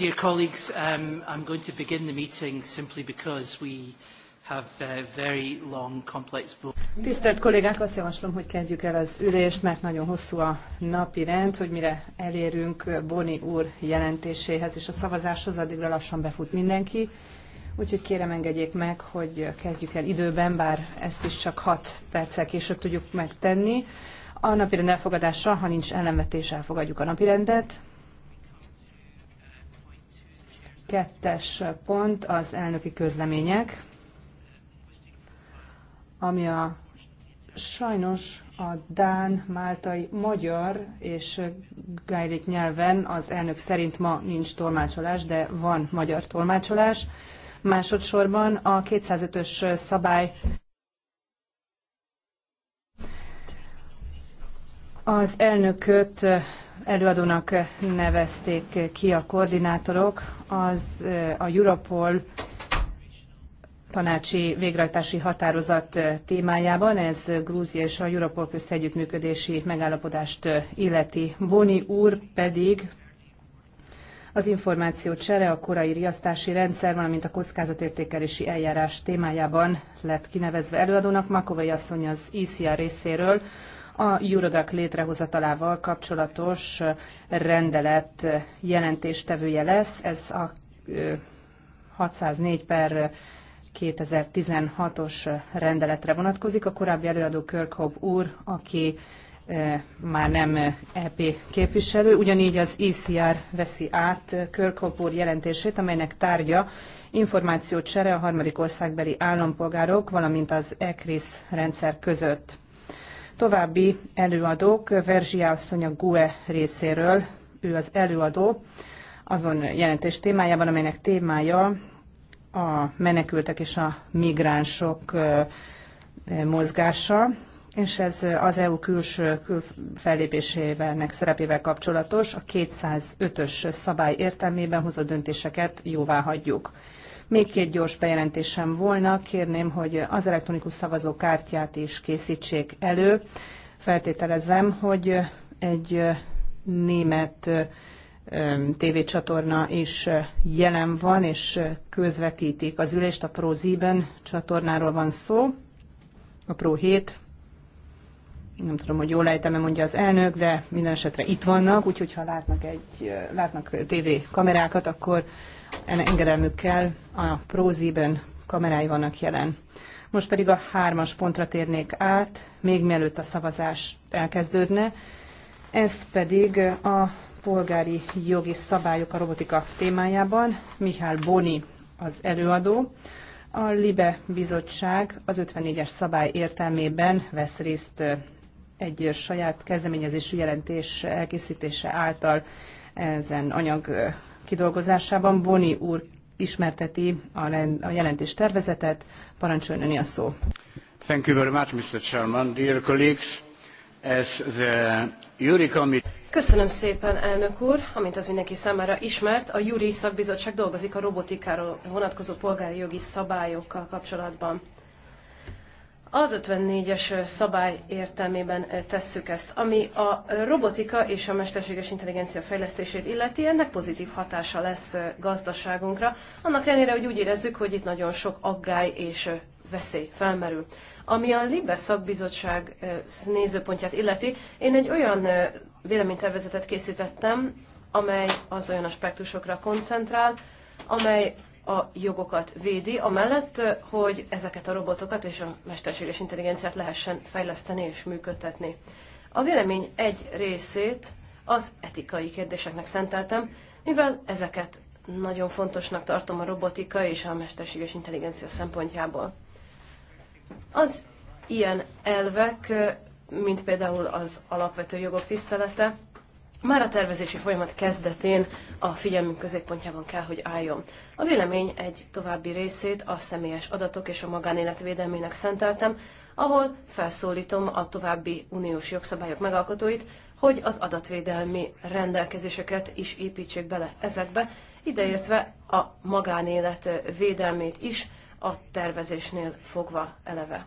Dear colleagues, um, I'm going to begin the meeting simply because we have a very long, complex book. Tisztelt kollégák, azt javaslom, hogy kezdjük el az ülést, mert nagyon hosszú a napi rend, hogy mire elérünk Boni úr jelentéséhez és a szavazáshoz, addigra lassan befut mindenki. Úgyhogy kérem engedjék meg, hogy kezdjük el időben, bár ezt is csak 6 perccel később tudjuk megtenni. A napirend elfogadása, ha nincs ellenvetés, elfogadjuk a napirendet. Kettes pont az elnöki közlemények, ami a sajnos a dán, máltai, magyar és gájlik nyelven az elnök szerint ma nincs tolmácsolás, de van magyar tolmácsolás. Másodszorban a 205-ös szabály az elnököt előadónak nevezték ki a koordinátorok, az eh, a Europol tanácsi végrehajtási határozat eh, témájában. Ez Grúzia és a Europol közt együttműködési megállapodást eh, illeti. Boni úr pedig az információ csere, a korai riasztási rendszer, valamint a kockázatértékelési eljárás témájában lett kinevezve előadónak. Makovai asszony az ICR e részéről a Eurodac létrehozatalával kapcsolatos rendelet jelentéstevője lesz. Ez a 604 per 2016-os rendeletre vonatkozik. A korábbi előadó Kirkhope úr, aki már nem EP képviselő, ugyanígy az ICR e veszi át Kirkhope úr jelentését, amelynek tárgya információcsere a harmadik országbeli állampolgárok, valamint az ECRIS rendszer között. További előadók, Verzsia asszony a GUE részéről, ő az előadó azon jelentés témájában, amelynek témája a menekültek és a migránsok mozgása, és ez az EU külső fellépésével, szerepével kapcsolatos, a 205-ös szabály értelmében hozott döntéseket jóvá hagyjuk. Még két gyors bejelentésem volna. Kérném, hogy az elektronikus szavazókártyát is készítsék elő. Feltételezem, hogy egy német tévécsatorna is jelen van, és közvetítik az ülést. A Pro Ziben csatornáról van szó, a Pro 7. Nem tudom, hogy jól ejtem, mondja az elnök, de minden esetre itt vannak, úgyhogy ha látnak, egy, látnak tévé kamerákat, akkor engedelmükkel a próziben kamerái vannak jelen. Most pedig a hármas pontra térnék át, még mielőtt a szavazás elkezdődne. Ez pedig a polgári jogi szabályok a robotika témájában. Mihály Boni az előadó. A LIBE bizottság az 54-es szabály értelmében vesz részt egy saját kezdeményezésű jelentés elkészítése által ezen anyag kidolgozásában. Boni úr ismerteti a jelentés tervezetet. Parancsoljon öni a szó. Thank you very much, Mr. Chairman. Dear colleagues, as the Juri Committee... Köszönöm szépen, elnök úr! Amint az mindenki számára ismert, a Júri Szakbizottság dolgozik a robotikáról vonatkozó polgári jogi szabályokkal kapcsolatban. Az 54-es szabály értelmében tesszük ezt. Ami a robotika és a mesterséges intelligencia fejlesztését illeti, ennek pozitív hatása lesz gazdaságunkra, annak ellenére, hogy úgy érezzük, hogy itt nagyon sok aggály és veszély felmerül. Ami a Libe szakbizottság nézőpontját illeti, én egy olyan véleménytervezetet készítettem, amely az olyan aspektusokra koncentrál, amely a jogokat védi, amellett, hogy ezeket a robotokat és a mesterséges intelligenciát lehessen fejleszteni és működtetni. A vélemény egy részét az etikai kérdéseknek szenteltem, mivel ezeket nagyon fontosnak tartom a robotika és a mesterséges intelligencia szempontjából. Az ilyen elvek, mint például az alapvető jogok tisztelete, már a tervezési folyamat kezdetén a figyelmünk középpontjában kell, hogy álljon. A vélemény egy további részét a személyes adatok és a magánélet védelmének szenteltem, ahol felszólítom a további uniós jogszabályok megalkotóit, hogy az adatvédelmi rendelkezéseket is építsék bele ezekbe, ideértve a magánélet védelmét is a tervezésnél fogva eleve.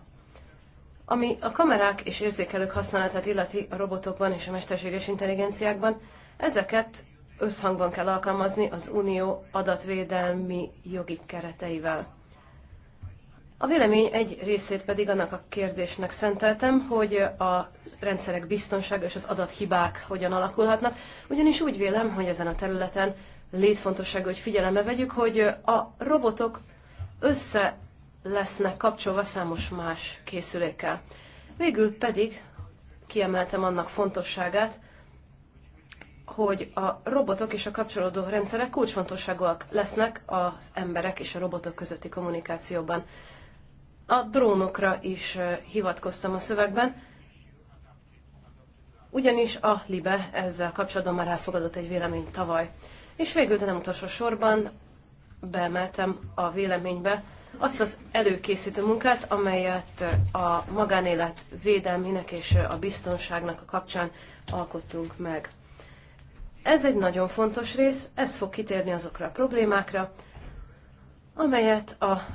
Ami a kamerák és érzékelők használatát illeti a robotokban és a mesterséges intelligenciákban, ezeket összhangban kell alkalmazni az Unió adatvédelmi jogi kereteivel. A vélemény egy részét pedig annak a kérdésnek szenteltem, hogy a rendszerek biztonsága és az adathibák hogyan alakulhatnak, ugyanis úgy vélem, hogy ezen a területen létfontosságú, hogy figyelembe vegyük, hogy a robotok össze lesznek kapcsolva számos más készülékkel. Végül pedig kiemeltem annak fontosságát, hogy a robotok és a kapcsolódó rendszerek kulcsfontosságúak lesznek az emberek és a robotok közötti kommunikációban. A drónokra is hivatkoztam a szövegben, ugyanis a LIBE ezzel kapcsolatban már elfogadott egy véleményt tavaly. És végül, de nem utolsó sorban, beemeltem a véleménybe azt az előkészítő munkát, amelyet a magánélet védelmének és a biztonságnak a kapcsán alkottunk meg. Ez egy nagyon fontos rész, ez fog kitérni azokra a problémákra, amelyet a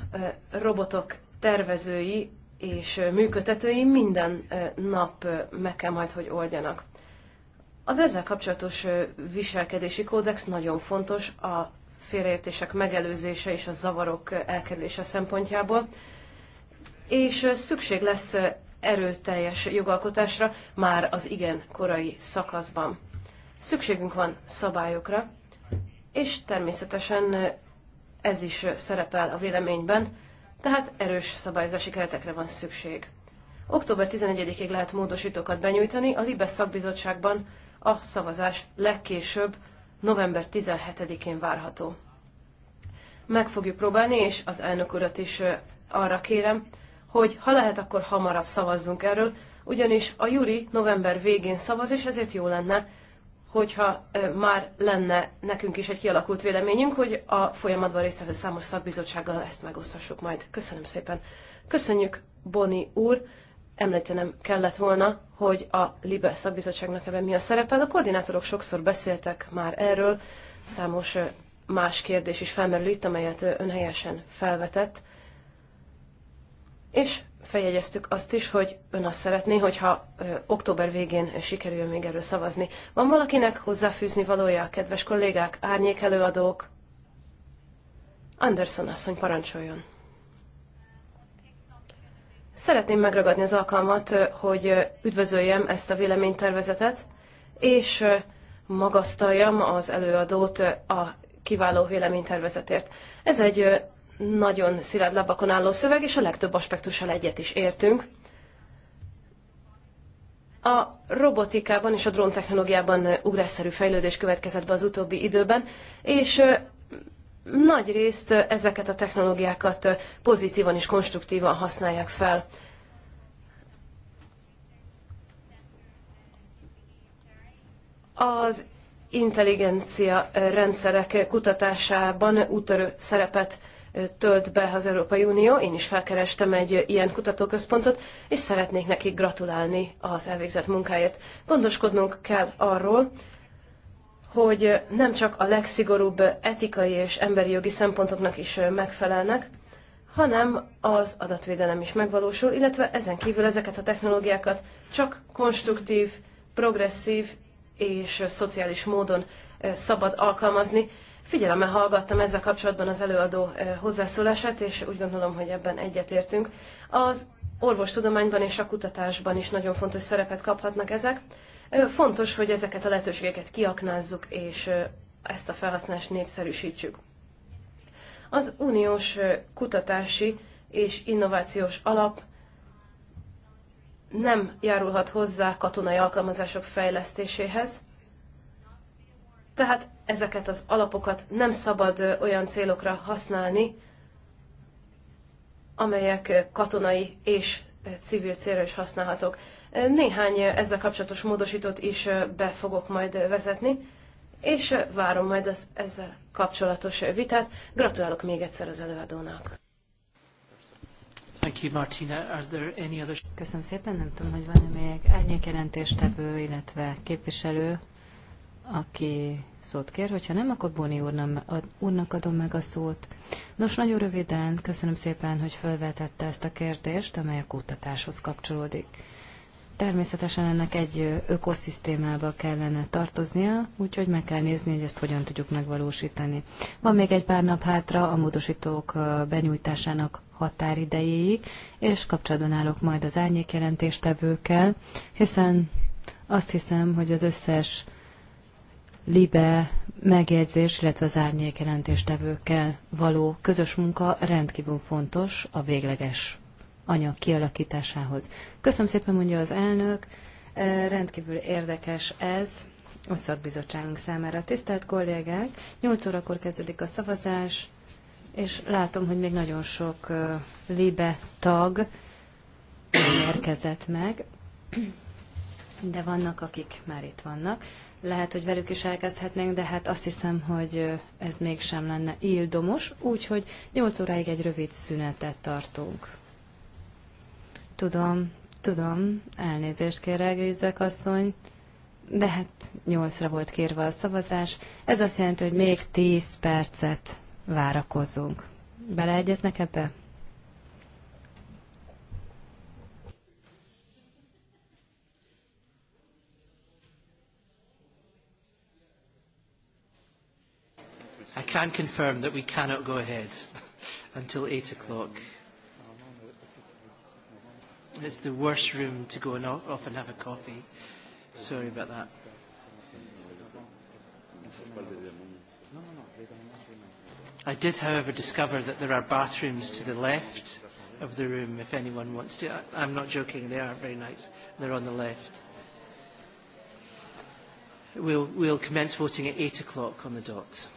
robotok tervezői és működtetői minden nap meg kell majd, hogy oldjanak. Az ezzel kapcsolatos viselkedési kódex nagyon fontos a félreértések megelőzése és a zavarok elkerülése szempontjából. És szükség lesz erőteljes jogalkotásra már az igen korai szakaszban. Szükségünk van szabályokra, és természetesen ez is szerepel a véleményben, tehát erős szabályozási keretekre van szükség. Október 11-ig lehet módosítókat benyújtani, a Libes szakbizottságban a szavazás legkésőbb november 17-én várható. Meg fogjuk próbálni, és az elnök urat is arra kérem, hogy ha lehet, akkor hamarabb szavazzunk erről, ugyanis a júri november végén szavaz, és ezért jó lenne, hogyha már lenne nekünk is egy kialakult véleményünk, hogy a folyamatban résztvevő számos szakbizottsággal ezt megosztassuk majd. Köszönöm szépen. Köszönjük, Boni úr említenem kellett volna, hogy a LIBE szakbizottságnak ebben mi a szerepe. A koordinátorok sokszor beszéltek már erről, számos más kérdés is felmerül itt, amelyet ön helyesen felvetett. És feljegyeztük azt is, hogy ön azt szeretné, hogyha ö, október végén sikerül még erről szavazni. Van valakinek hozzáfűzni valója, kedves kollégák, árnyék előadók? Anderson asszony, parancsoljon! Szeretném megragadni az alkalmat, hogy üdvözöljem ezt a véleménytervezetet, és magasztaljam az előadót a kiváló véleménytervezetért. Ez egy nagyon szilárd labakon álló szöveg, és a legtöbb aspektussal egyet is értünk. A robotikában és a dróntechnológiában ugrásszerű fejlődés következett be az utóbbi időben, és nagy részt ezeket a technológiákat pozitívan és konstruktívan használják fel. Az intelligencia rendszerek kutatásában úttörő szerepet tölt be az Európai Unió, én is felkerestem egy ilyen kutatóközpontot, és szeretnék nekik gratulálni az elvégzett munkáért. Gondoskodnunk kell arról, hogy nem csak a legszigorúbb etikai és emberi jogi szempontoknak is megfelelnek, hanem az adatvédelem is megvalósul, illetve ezen kívül ezeket a technológiákat csak konstruktív, progresszív és szociális módon szabad alkalmazni. Figyelemmel hallgattam ezzel kapcsolatban az előadó hozzászólását, és úgy gondolom, hogy ebben egyetértünk. Az orvostudományban és a kutatásban is nagyon fontos szerepet kaphatnak ezek, Fontos, hogy ezeket a lehetőségeket kiaknázzuk, és ezt a felhasználást népszerűsítsük. Az uniós kutatási és innovációs alap nem járulhat hozzá katonai alkalmazások fejlesztéséhez, tehát ezeket az alapokat nem szabad olyan célokra használni, amelyek katonai és civil célra is használhatók. Néhány ezzel kapcsolatos módosítót is be fogok majd vezetni, és várom majd az ezzel kapcsolatos vitát. Gratulálok még egyszer az előadónak. Thank you, Martina. Are there any other... Köszönöm szépen, nem tudom, hogy van-e még árnyékjelentéstevő, illetve képviselő, aki szót kér. Hogyha nem, akkor Boni úrnak, úrnak adom meg a szót. Nos, nagyon röviden, köszönöm szépen, hogy felvetette ezt a kérdést, amely a kutatáshoz kapcsolódik. Természetesen ennek egy ökoszisztémába kellene tartoznia, úgyhogy meg kell nézni, hogy ezt hogyan tudjuk megvalósítani. Van még egy pár nap hátra a módosítók benyújtásának határidejéig, és kapcsolatban állok majd az árnyékjelentéstevőkkel, hiszen azt hiszem, hogy az összes libe megjegyzés, illetve az árnyékjelentéstevőkkel való közös munka rendkívül fontos a végleges anyag kialakításához. Köszönöm szépen, mondja az elnök. Rendkívül érdekes ez a szakbizottságunk számára. Tisztelt kollégák, 8 órakor kezdődik a szavazás, és látom, hogy még nagyon sok uh, libe tag érkezett meg, de vannak, akik már itt vannak. Lehet, hogy velük is elkezdhetnénk, de hát azt hiszem, hogy ez mégsem lenne ildomos, úgyhogy 8 óráig egy rövid szünetet tartunk. Tudom, tudom, elnézést kérek, Gőzek asszony, de hát nyolcra volt kérve a szavazás. Ez azt jelenti, hogy még tíz percet várakozunk. Beleegyeznek ebbe? I can confirm that we cannot go ahead until 8 o'clock. It's the worst room to go and off and have a coffee. Sorry about that. I did, however, discover that there are bathrooms to the left of the room if anyone wants to. I'm not joking, they are very nice. They're on the left. We'll, we'll commence voting at 8 o'clock on the dot.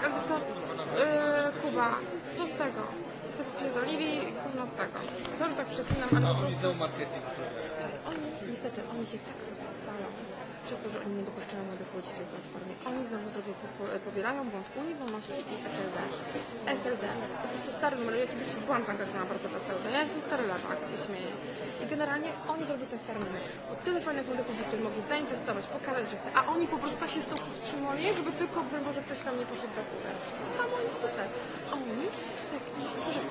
Tak, ale to yy, e, Kuba, co z tego? sobie pierdolili i kurna z tego. Sorry, tak przeklinam, ale no, po prostu... Oni marketing Oni, niestety, oni się tak rozstrzelają przez to, że oni nie dopuszczają młodych ludzi tej platformie. Oni znowu zrobią, powielają błąd Unii Wolności i SLD. SLD. Po prostu stary numer. Ja kiedyś byłam zaangażowana bardzo w SLD. Ja jestem stary lewak, się śmieję. I generalnie oni zrobią ten stary numer. Bo tyle fajnych młodych ludzi, którzy mogli zainwestować, pokazać, że chce. A oni po prostu tak się z tą powstrzymali, żeby tylko, broń ktoś tam nie poszedł do góry. To samo jest tutaj. Oni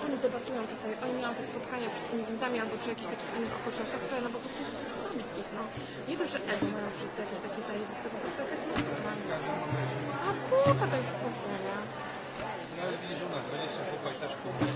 oni debatują czasami, oni mają te spotkania przed tymi windami albo przy jakichś takich innych okolicznościach, które no po prostu zabić ich, no. Nie to, że ego mają wszyscy jakieś takie zajebiste, po prostu jakaś masakra. A kurwa, to jest spokojnie. No ale widzisz u nas, 20 chłopak też kurwa.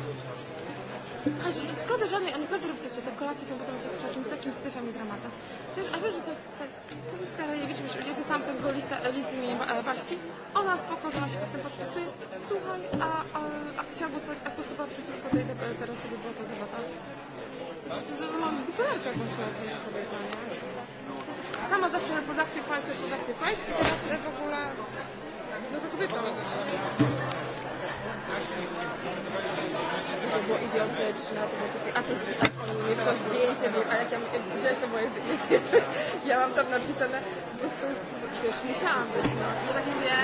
Szkoda żadnej, oni każdy robi te kolacje, to potem się przy jakimś takim syfem i dramatem. Wiesz, a wiesz, że to jest tak, to Polska Karajewicz, już jak sam tego lista, listy imienia e, Waśki, ona spoko, że ona się pod tym podpisuje, słuchaj, a, a, a chciała głosować, a głosowała przeciwko tej, e, teraz sobie była ta debata. Mam bipolarkę jakąś teraz, kobieta, nie? Sama zawsze na productive fight, productive fight i teraz jest w ogóle, no to kobieta bo idiotyczne, to było takie, a co jest to zdjęcie, wiesz, a jak ja widziałeś to moje zdjęcie, ja mam tam napisane, po prostu, wiesz, musiałam być, no. I ja tak mówię,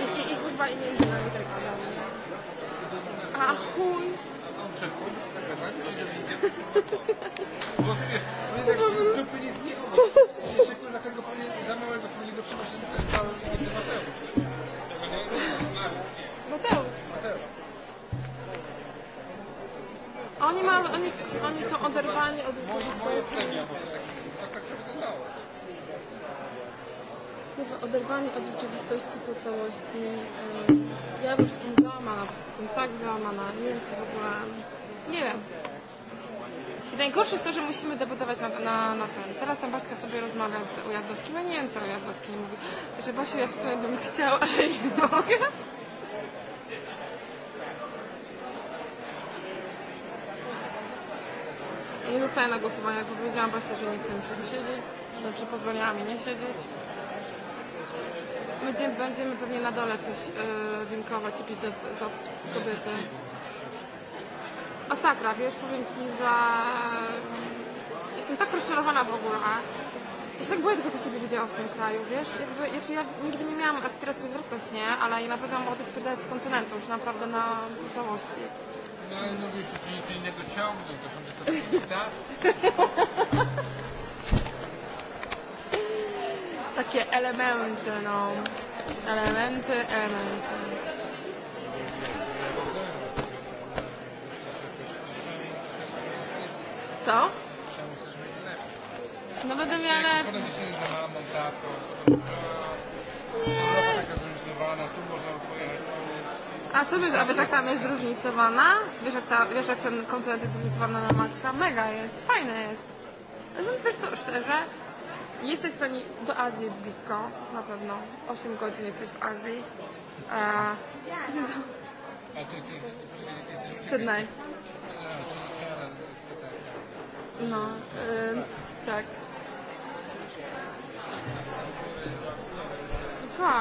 i, i, i kurwa, i między nami ten Adam, nie? A chuj! oni, oni są oderwani od rzeczywistości. oderwani od rzeczywistości po całości. E, ja już jestem załamana, po jestem tak załamana. Nie wiem, co w ogóle... Nie wiem. I najgorsze jest to, że musimy debatować na, na, na ten. Teraz tam Baśka sobie rozmawia z Ujazdowskim. Ja nie wiem, co Ujazdowski mówi. Że Basiu, ja w sumie bym chciał, ale nie mogę. nie zostaję na głosowanie, tylko powiedziałam Państwu, że nie chcę tutaj siedzieć, że przy pozwoliła mi nie siedzieć. Będziemy, będziemy pewnie na dole coś yy, e, winkować i pić do kobiety. Masakra, wiesz, powiem Ci, że mm, jestem tak rozczarowana w ogóle. Ja się tak boję tego, co się będzie w tym kraju, wiesz? Jakby, ja, ja nigdy nie miałam aspiracji zwracać, nie? Ale ja na pewno mam ochotę sprzedać z kontynentu, już naprawdę na całości. Nowi się nic innego ciągną, to są tylko takie Takie elementy, no. Elementy, elementy. Co? No będę miała... Nie. tu a co wiesz, a wiesz jak tam jest zróżnicowana? Wiesz jak, ta, wiesz jak ten koncert jest zróżnicowany na maksa? Mega jest, fajne jest. Wiesz co, szczerze, jesteś w stanie, do Azji jest blisko, na pewno. 8 godzin jesteś w Azji. Uh, Sydney. No, y, tak.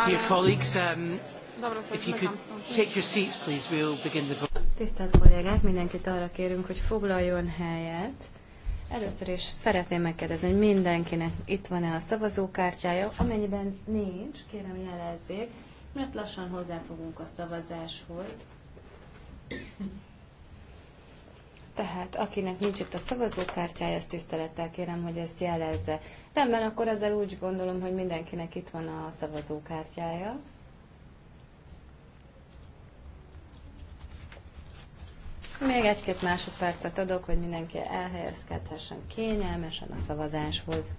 Dear colleagues, um, Tisztelt kollégák, mindenkit arra kérünk, hogy foglaljon helyet. Először is szeretném megkérdezni, hogy mindenkinek itt van-e a szavazókártyája. Amennyiben nincs, kérem jelezzék, mert lassan hozzáfogunk a szavazáshoz. Tehát akinek nincs itt a szavazókártyája, ezt tisztelettel kérem, hogy ezt jelezze. Rendben, akkor ezzel úgy gondolom, hogy mindenkinek itt van a szavazókártyája. Még egy-két másodpercet adok, hogy mindenki elhelyezkedhessen kényelmesen a szavazáshoz.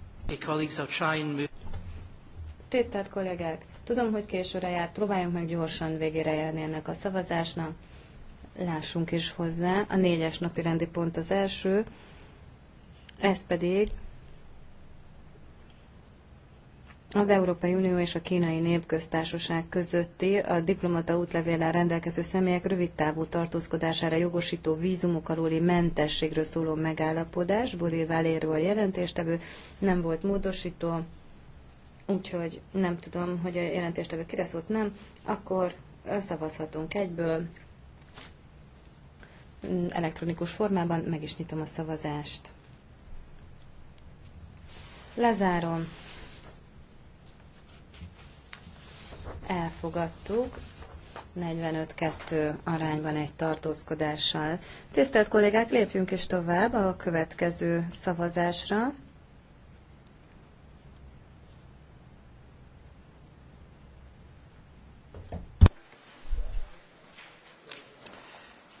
Tisztelt kollégák, tudom, hogy későre járt, próbáljunk meg gyorsan végére járni ennek a szavazásnak. Lássunk is hozzá. A négyes napi rendi pont az első, ez pedig az Európai Unió és a Kínai Népköztársaság közötti a diplomata útlevéllel rendelkező személyek rövid távú tartózkodására jogosító vízumok aluli mentességről szóló megállapodás, Bodil Valéról jelentéstevő, nem volt módosító, úgyhogy nem tudom, hogy a jelentéstevő kire szólt, nem, akkor szavazhatunk egyből, mm, elektronikus formában meg is nyitom a szavazást. Lezárom. elfogadtuk, 45-2 arányban egy tartózkodással. Tisztelt kollégák, lépjünk is tovább a következő szavazásra.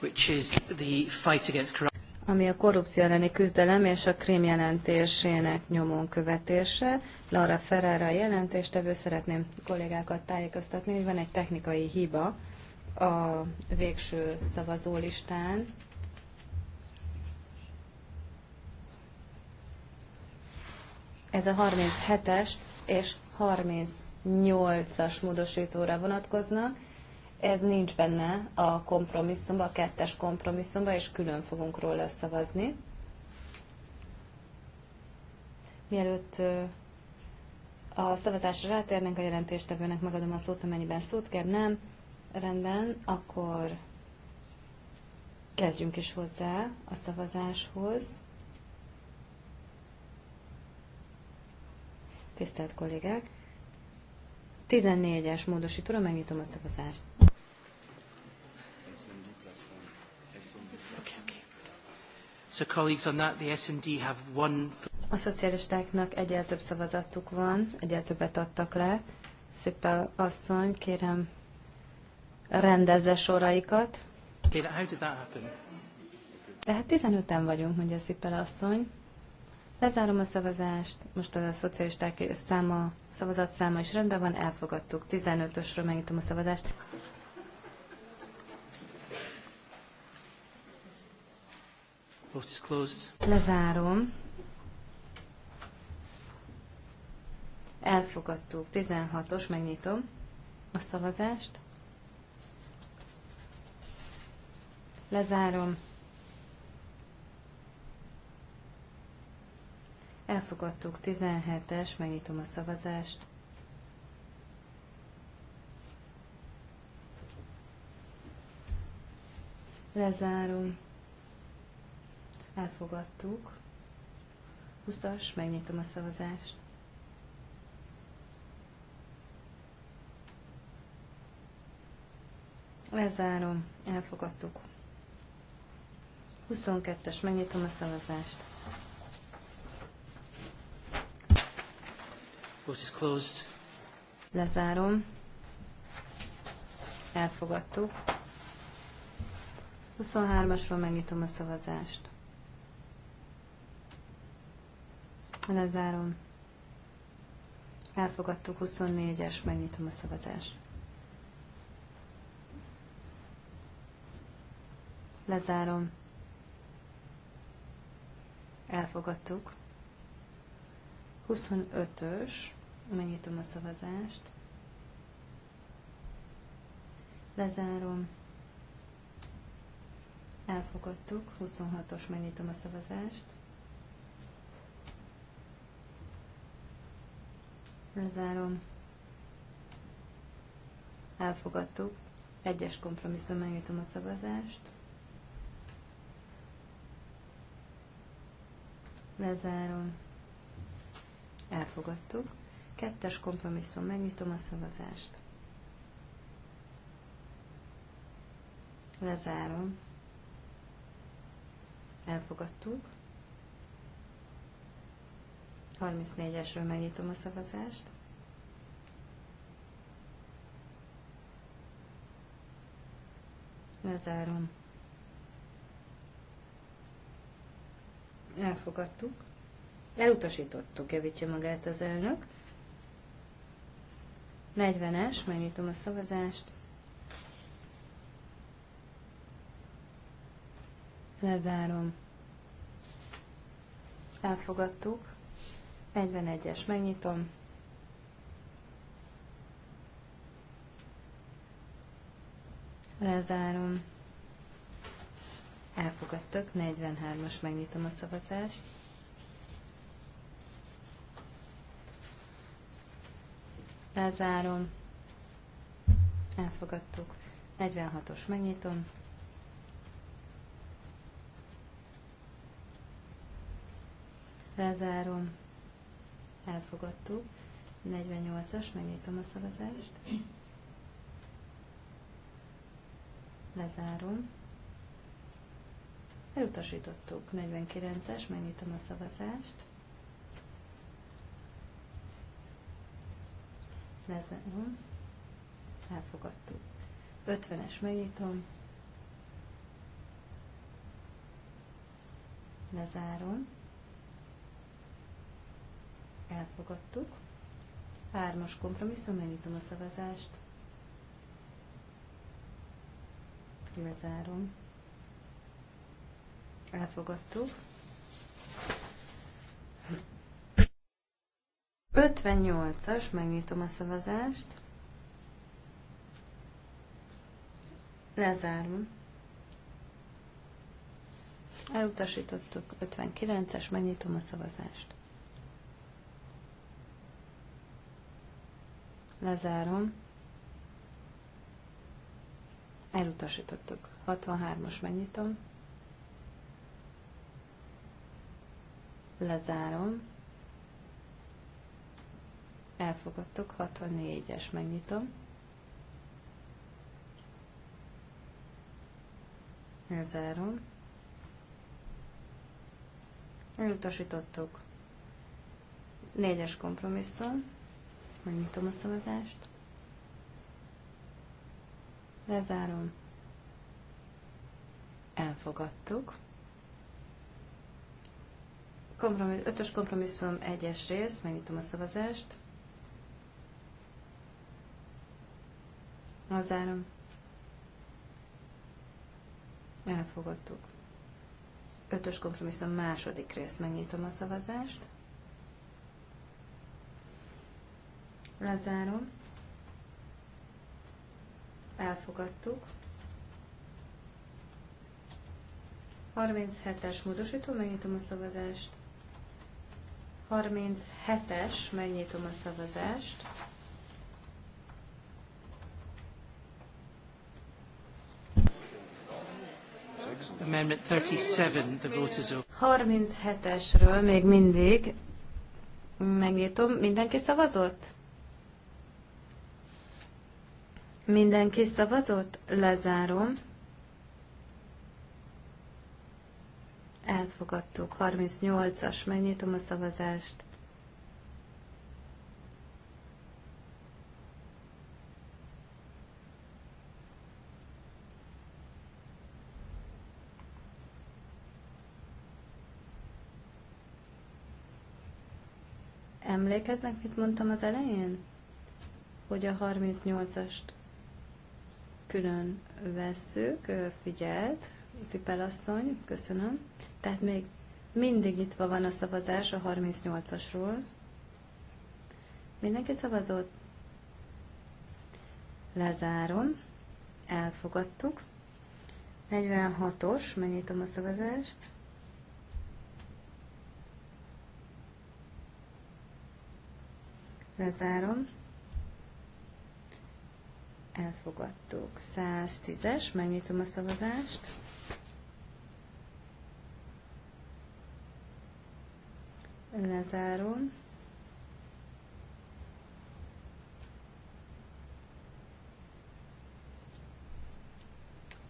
Which is the fight against corruption ami a korrupció elleni küzdelem és a krím jelentésének nyomon követése. Laura Ferrara jelentéstevő szeretném kollégákat tájékoztatni, hogy van egy technikai hiba a végső szavazólistán. Ez a 37-es és 38-as módosítóra vonatkoznak ez nincs benne a kompromisszumba, a kettes kompromisszumba, és külön fogunk róla szavazni. Mielőtt a szavazásra rátérnénk, a jelentéstevőnek megadom a szót, amennyiben szót kér, nem. Rendben, akkor kezdjünk is hozzá a szavazáshoz. Tisztelt kollégák! 14-es módosítóra megnyitom a szavazást. So colleagues on that, the have one... A szocialistáknak egyel több szavazatuk van, egyel többet adtak le. Szépen asszony, kérem rendezze soraikat. Okay, how did that happen? Tehát 15-en vagyunk, mondja szippel asszony. Lezárom a szavazást, most a szocialisták száma, szavazatszáma is rendben van, elfogadtuk. 15-ösről megnyitom a szavazást. Vote is closed. Lezárom. Elfogadtuk. 16-os, megnyitom a szavazást. Lezárom. Elfogadtuk 17-es, megnyitom a szavazást. Lezárom elfogadtuk. 20 megnyitom a szavazást. Lezárom, elfogadtuk. 22-es, megnyitom a szavazást. Vote is closed. Lezárom. Elfogadtuk. 23-asról megnyitom a szavazást. Lezárom. Elfogadtuk 24-es, megnyitom a szavazást. Lezárom. Elfogadtuk. 25-ös, megnyitom a szavazást. Lezárom. Elfogadtuk. 26-os, megnyitom a szavazást. Lezárom. Elfogadtuk. Egyes kompromisszum, megnyitom a szavazást. Lezárom. Elfogadtuk. Kettes kompromisszum, megnyitom a szavazást. Lezárom. Elfogadtuk. 34-esről megnyitom a szavazást. Lezárom. Elfogadtuk. Elutasítottuk, javítja magát az elnök. 40-es, megnyitom a szavazást. Lezárom. Elfogadtuk. 41-es, megnyitom. Lezárom. Elfogadtok. 43-as, megnyitom a szavazást. Lezárom. Elfogadtuk. 46-os, megnyitom. Lezárom elfogadtuk. 48-as, megnyitom a szavazást. Lezárom. Elutasítottuk. 49-es, megnyitom a szavazást. Lezárom. Elfogadtuk. 50-es, megnyitom. Lezárom elfogadtuk. Hármas kompromisszum, megnyitom a szavazást. Lezárom. Elfogadtuk. 58-as, megnyitom a szavazást. Lezárom. Elutasítottuk 59-es, megnyitom a szavazást. Lezárom. Elutasítottuk. 63 os megnyitom. Lezárom. Elfogadtuk. 64-es megnyitom. Lezárom. Elutasítottuk. es kompromisszum. Megnyitom a szavazást. Lezárom. Elfogadtuk. Kompromiss, ötös kompromisszum egyes rész, megnyitom a szavazást. Lezárom. Elfogadtuk. Ötös kompromisszum második rész, megnyitom a szavazást. Lezárom. Elfogadtuk. 37-es módosító, megnyitom a szavazást. 37-es, megnyitom a szavazást. Amendment 37, the vote is open. 37-esről még mindig megnyitom. Mindenki szavazott? Mindenki szavazott? Lezárom. Elfogadtuk. 38-as. Megnyitom a szavazást. Emlékeznek, mit mondtam az elején? Hogy a 38-ast külön vesszük, figyelt, Cipelasszony, köszönöm. Tehát még mindig nyitva van a szavazás a 38-asról. Mindenki szavazott? Lezárom. Elfogadtuk. 46-os, megnyitom a szavazást. Lezárom elfogadtuk. 110-es, megnyitom a szavazást. Lezárom.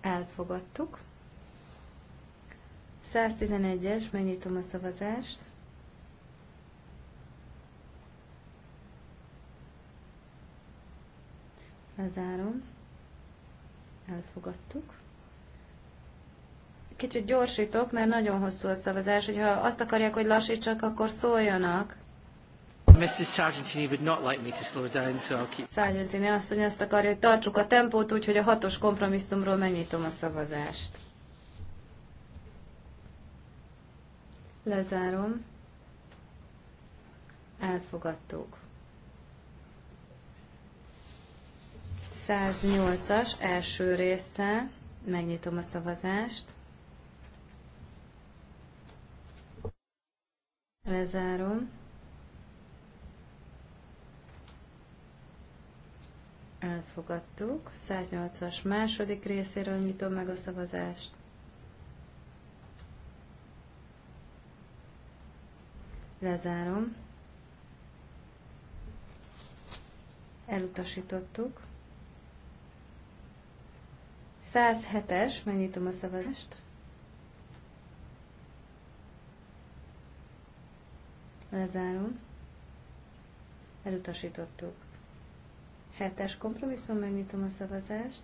Elfogadtuk. 111-es, megnyitom a szavazást. Lezárom. Elfogadtuk. Kicsit gyorsítok, mert nagyon hosszú a szavazás. Hogyha azt akarják, hogy lassítsak, akkor szóljanak. Mrs. Sargentini would not like me to slow down, so I'll keep... Sargentini asszony azt akarja, hogy tartsuk a tempót, úgyhogy a hatos kompromisszumról megnyitom a szavazást. Lezárom. Elfogadtuk. 108-as első része, megnyitom a szavazást. Lezárom. Elfogadtuk. 108-as második részéről nyitom meg a szavazást. Lezárom. Elutasítottuk. 107-es, megnyitom a szavazást. Lezárom. Elutasítottuk. 7-es kompromisszum, megnyitom a szavazást.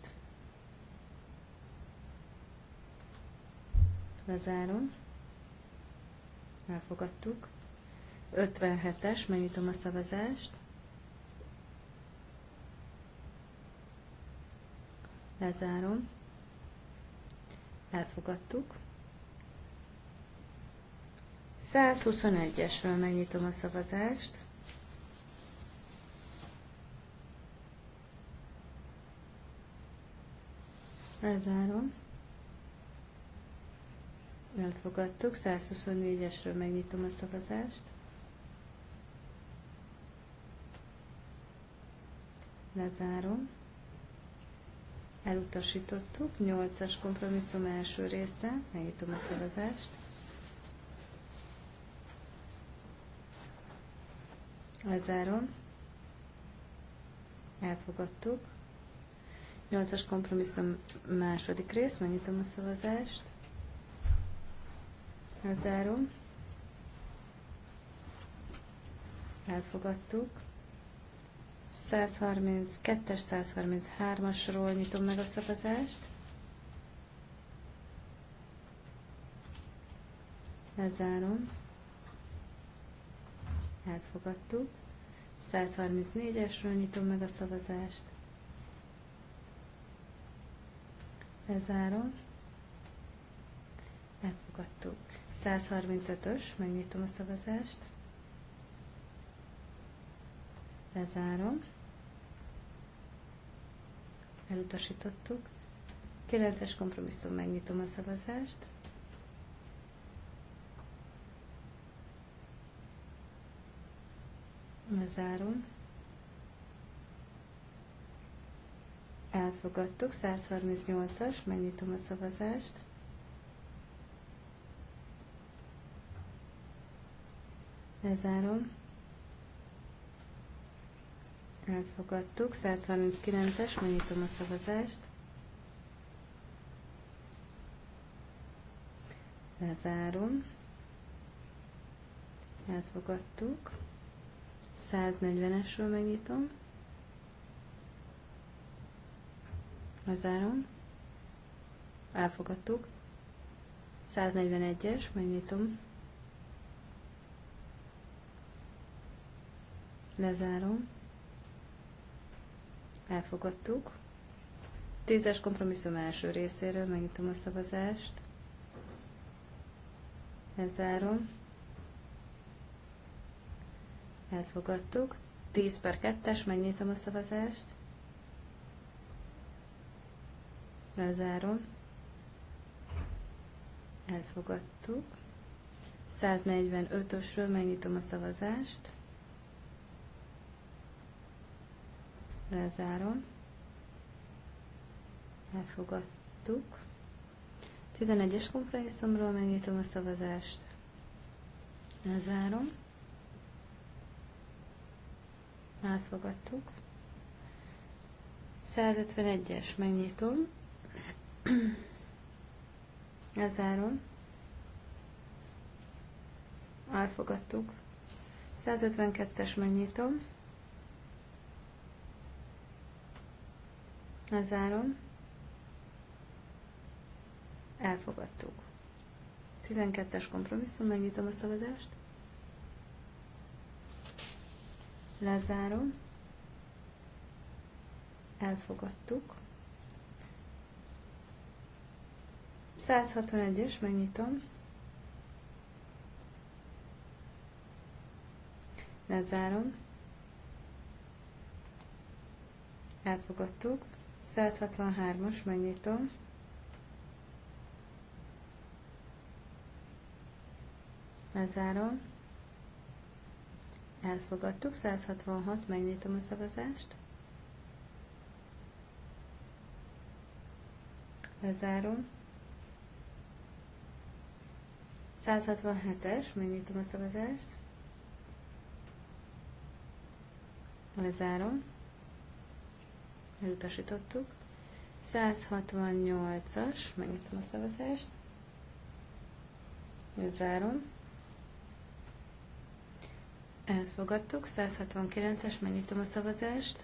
Lezárom. Elfogadtuk. 57-es, megnyitom a szavazást. Lezárom. Elfogadtuk. 121-esről megnyitom a szavazást. Lezárom. Elfogadtuk. 124-esről megnyitom a szavazást. Lezárom elutasítottuk. 8-as kompromisszum első része, Megítom a szavazást. Lezárom. Elfogadtuk. 8-as kompromisszum második rész, megnyitom a szavazást. Lezárom. Elfogadtuk. 132-es, 133-asról nyitom meg a szavazást. Lezárom. Elfogadtuk. 134-esről nyitom meg a szavazást. Lezárom. Elfogadtuk. 135-ös, megnyitom a szavazást. Lezárom. Elutasítottuk. 9-es kompromisszum, megnyitom a szavazást. Lezárom. Elfogadtuk. 138-as, megnyitom a szavazást. Lezárom. Elfogadtuk. 139-es, megnyitom a szavazást. Lezárom. Elfogadtuk. 140-esről megnyitom. Lezárom. Elfogadtuk. 141-es, megnyitom. Lezárom. Elfogadtuk. Tízes kompromisszum első részéről megnyitom a szavazást. Lezárom. Elfogadtuk. 10 per 2-es, megnyitom a szavazást. Lezárom. Elfogadtuk. 145-ösről megnyitom a szavazást. Lezárom. Elfogadtuk. 11-es kompromisszumról megnyitom a szavazást. Lezárom. Elfogadtuk. 151-es megnyitom. Lezárom. Elfogadtuk. 152-es megnyitom. Lezárom. Elfogadtuk. 12-es kompromisszum, megnyitom a szaladást. Lezárom. Elfogadtuk. 161-es, megnyitom. Lezárom. Elfogadtuk. 163-as, megnyitom. Lezárom. Elfogadtuk. 166, megnyitom a szavazást. Lezárom. 167-es, megnyitom a szavazást. Lezárom elutasítottuk. 168-as, megnyitom a szavazást, zárom. Elfogadtuk, 169-es, megnyitom a szavazást,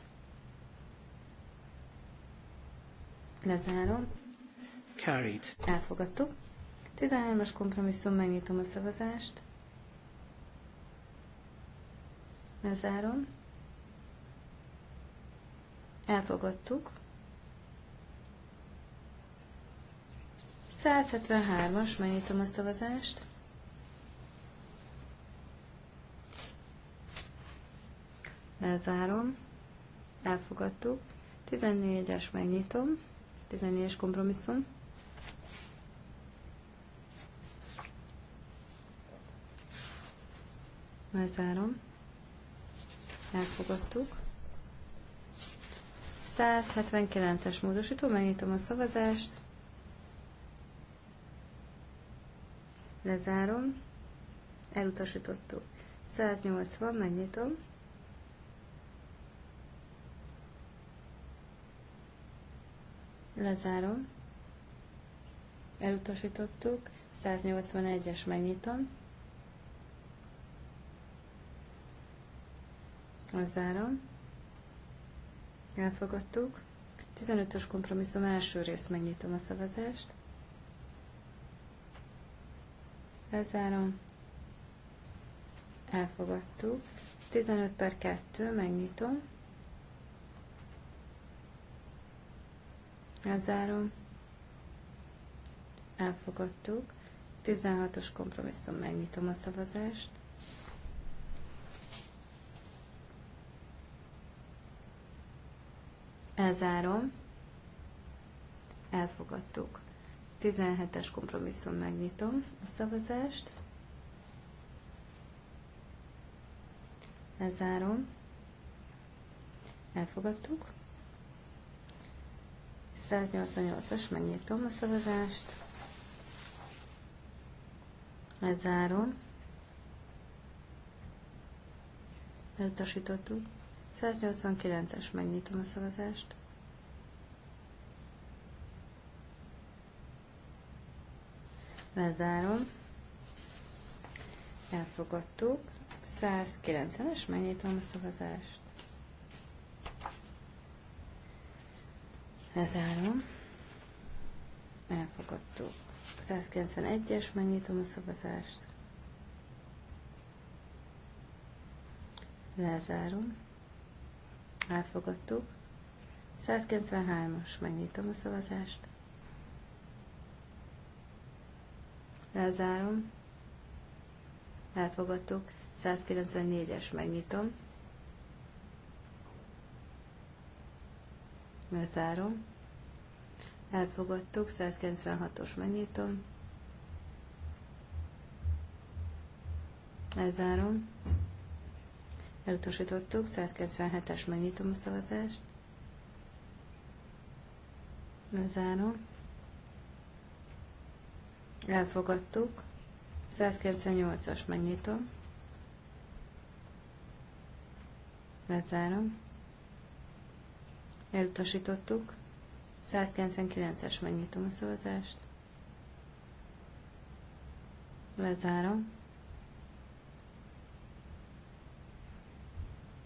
lezárom. Carried. Elfogadtuk. 13-as kompromisszum, megnyitom a szavazást, lezárom. Elfogadtuk. 173-as, megnyitom a szavazást. Lezárom. Elfogadtuk. 14-es megnyitom. 14-es kompromisszum. Lezárom. Elfogadtuk. 179-es módosító, megnyitom a szavazást. Lezárom. Elutasítottuk. 180, megnyitom. Lezárom. Elutasítottuk. 181-es megnyitom. Lezárom elfogadtuk. 15-ös kompromisszum első rész megnyitom a szavazást. Lezárom. Elfogadtuk. 15 per 2, megnyitom. Lezárom. Elfogadtuk. 16-os kompromisszum, megnyitom a szavazást. Elzárom. Elfogadtuk. 17-es kompromisszum megnyitom a szavazást. Elzárom. Elfogadtuk. 188-as, megnyitom a szavazást. Elzárom. Elutasítottuk. 189-es, megnyitom a szavazást. Lezárom. Elfogadtuk. 190-es, megnyitom a szavazást. Lezárom. Elfogadtuk. 191-es, megnyitom a szavazást. Lezárom. Elfogadtuk. 193-as. Megnyitom a szavazást. Lezárom. Elfogadtuk. 194-es. Megnyitom. Lezárom. Elfogadtuk. 196-os. Megnyitom. Lezárom elutasítottuk, 197-es megnyitom a szavazást, lezárom, elfogadtuk, 198-as megnyitom, lezárom, elutasítottuk, 199-es megnyitom a szavazást, lezárom,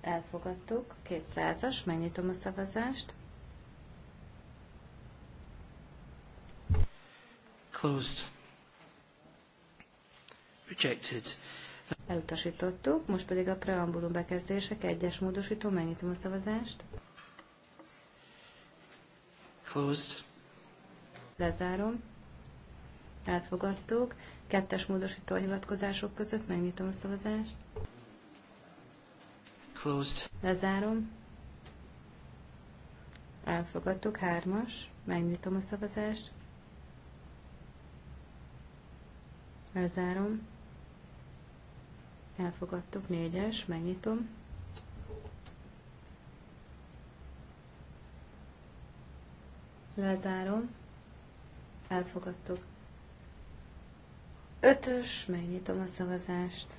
elfogadtuk. 200-as, megnyitom a szavazást. Closed. Rejected. Elutasítottuk, most pedig a preambulum bekezdések, egyes módosító, megnyitom a szavazást. Closed. Lezárom. Elfogadtuk. Kettes módosító hivatkozások között megnyitom a szavazást. Closed. Lezárom. Elfogadtuk, hármas. Megnyitom a szavazást. Lezárom. Elfogadtuk, négyes. Megnyitom. Lezárom. Elfogadtuk. Ötös. Megnyitom a szavazást.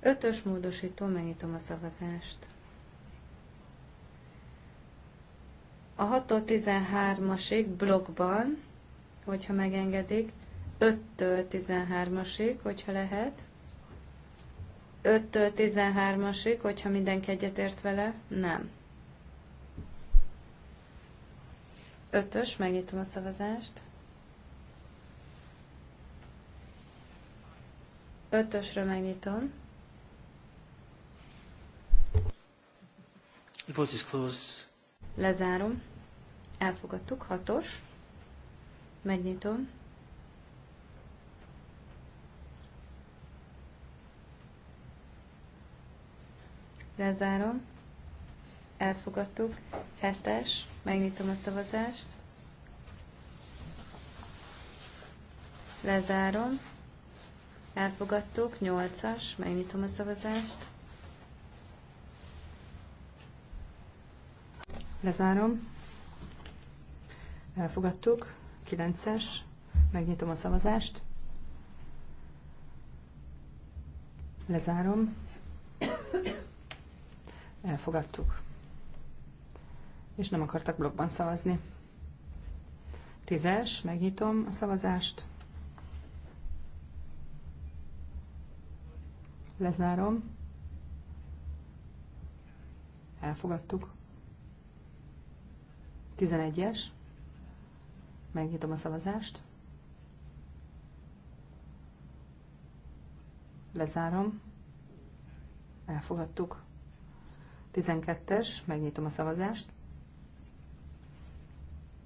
Ötös módosító, megnyitom a szavazást. A 6-tól 13-asig blokkban, hogyha megengedik, 5-től 13-asig, hogyha lehet, 5-től 13-asig, hogyha mindenki egyetért vele, nem. Ötös, megnyitom a szavazást. Ötösről megnyitom. The vote is closed. Lezárom. Elfogadtuk. Hatos. Megnyitom. Lezárom. Elfogadtuk. Hetes. Megnyitom a szavazást. Lezárom. Elfogadtuk. Nyolcas. Megnyitom a szavazást. Lezárom. Elfogadtuk. 9-es. Megnyitom a szavazást. Lezárom. Elfogadtuk. És nem akartak blokkban szavazni. Tízes, megnyitom a szavazást. Lezárom. Elfogadtuk. 11-es. Megnyitom a szavazást. Lezárom. Elfogadtuk. 12-es. Megnyitom a szavazást.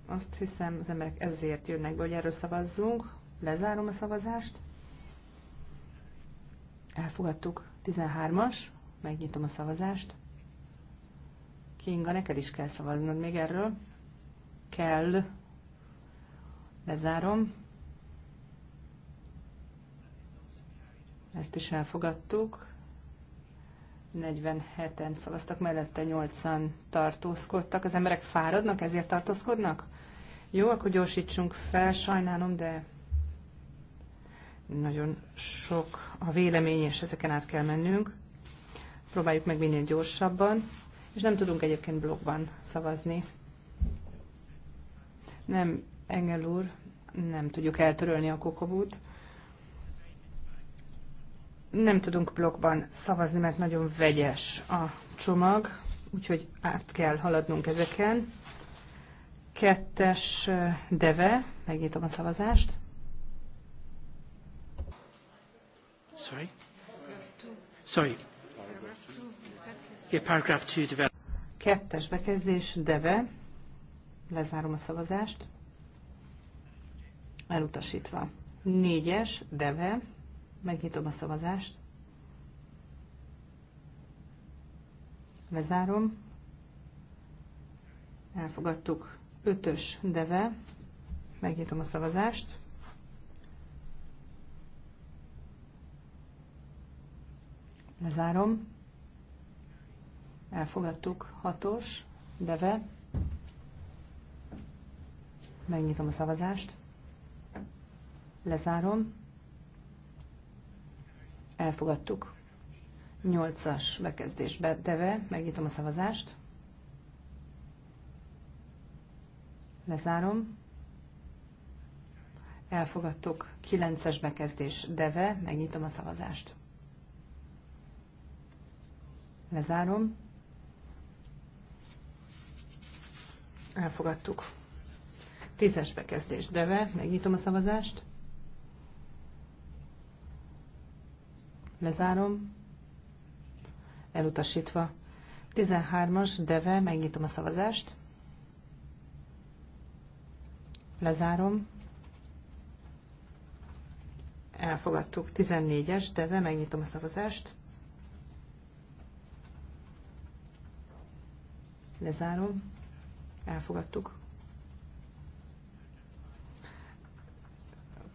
Azt hiszem, az emberek ezért jönnek be, hogy erről szavazzunk. Lezárom a szavazást. Elfogadtuk. 13-as. Megnyitom a szavazást. Kinga, neked is kell szavaznod még erről kell. Lezárom. Ezt is elfogadtuk. 47-en szavaztak, mellette 8-an tartózkodtak. Az emberek fáradnak, ezért tartózkodnak? Jó, akkor gyorsítsunk fel, sajnálom, de nagyon sok a vélemény, és ezeken át kell mennünk. Próbáljuk meg minél gyorsabban, és nem tudunk egyébként blogban szavazni. Nem, Engel úr, nem tudjuk eltörölni a kokobút. Nem tudunk blokkban szavazni, mert nagyon vegyes a csomag, úgyhogy át kell haladnunk ezeken. Kettes deve, megnyitom a szavazást. Sorry? Sorry. Yeah, paragraph two, Kettes bekezdés, deve. Lezárom a szavazást. Elutasítva. Négyes, deve. Megnyitom a szavazást. Lezárom. Elfogadtuk. Ötös, deve. Megnyitom a szavazást. Lezárom. Elfogadtuk. Hatos, deve megnyitom a szavazást, lezárom, elfogadtuk. 8-as bekezdésbe teve, megnyitom a szavazást, lezárom, elfogadtuk. 9-es bekezdés deve, megnyitom a szavazást. Lezárom. Elfogadtuk. Tízes bekezdés. Deve, megnyitom a szavazást. Lezárom. Elutasítva. 13-as, deve, megnyitom a szavazást. Lezárom. Elfogadtuk. 14-es, deve, megnyitom a szavazást. Lezárom. Elfogadtuk.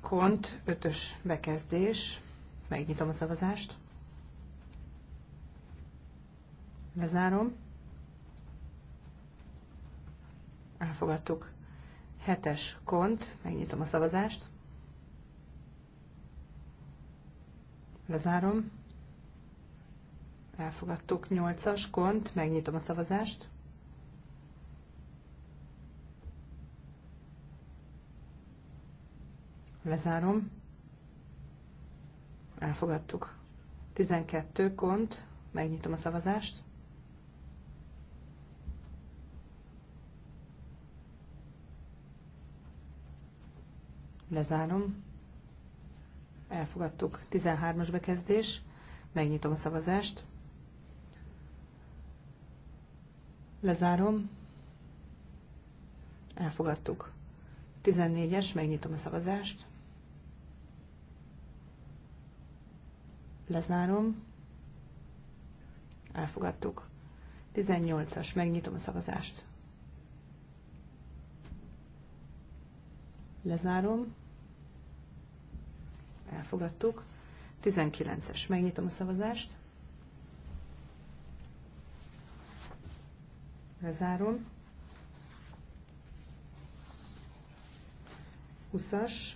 Kont, ötös bekezdés. Megnyitom a szavazást. Lezárom. Elfogadtuk. Hetes kont. Megnyitom a szavazást. Lezárom. Elfogadtuk. Nyolcas kont. Megnyitom a szavazást. Lezárom. Elfogadtuk. 12 kont. Megnyitom a szavazást. Lezárom. Elfogadtuk. 13-as bekezdés. Megnyitom a szavazást. Lezárom. Elfogadtuk. 14-es, megnyitom a szavazást. Lezárom. Elfogadtuk. 18-as. Megnyitom a szavazást. Lezárom. Elfogadtuk. 19-es. Megnyitom a szavazást. Lezárom. 20-as.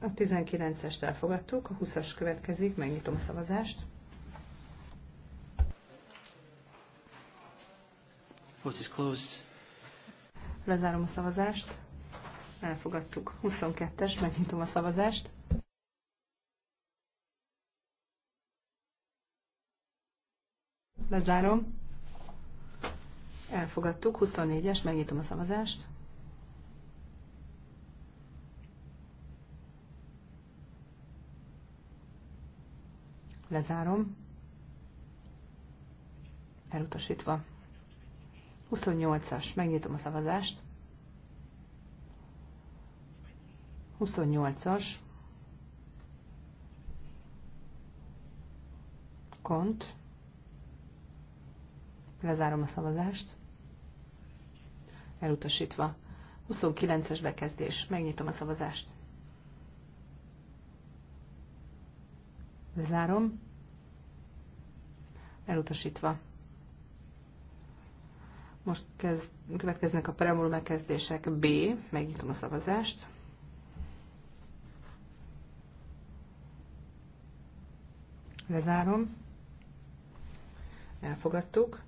A 19-est elfogadtuk, a 20-as következik, megnyitom a szavazást. Vote is closed. Lezárom a szavazást. Elfogadtuk. 22-es, megnyitom a szavazást. Lezárom. Elfogadtuk. 24-es, megnyitom a szavazást. Lezárom. Elutasítva. 28-as. Megnyitom a szavazást. 28-as. Kont. Lezárom a szavazást. Elutasítva. 29-es bekezdés. Megnyitom a szavazást. Lezárom. Elutasítva. Most kezd, következnek a preambul megkezdések B. Megnyitom a szavazást. Lezárom. Elfogadtuk.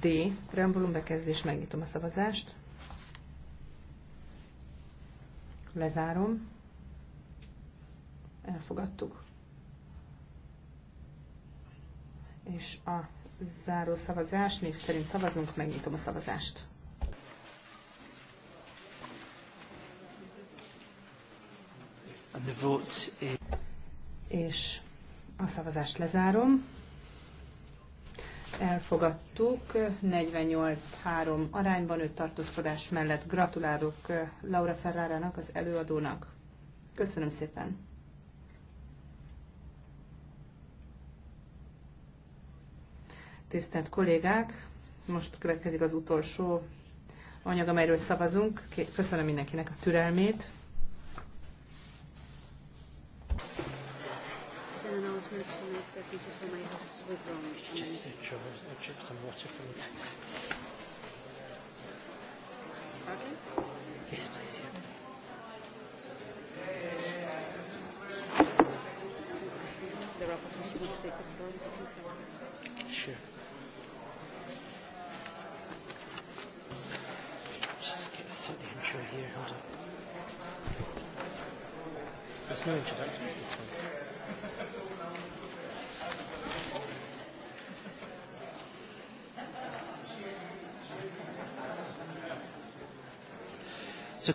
D. Preambulum bekezdés. Megnyitom a szavazást. Lezárom. Elfogadtuk. és a záró szavazás. Név szerint szavazunk, megnyitom a szavazást. And the vote is... És a szavazást lezárom. Elfogadtuk 48-3 arányban 5 tartózkodás mellett. Gratulálok eh, Laura Ferrárának, az előadónak. Köszönöm szépen! Tisztelt kollégák, most következik az utolsó anyag, amelyről szavazunk. Köszönöm mindenkinek a türelmét. Yes, please, The rapporteur wants to take the floor. So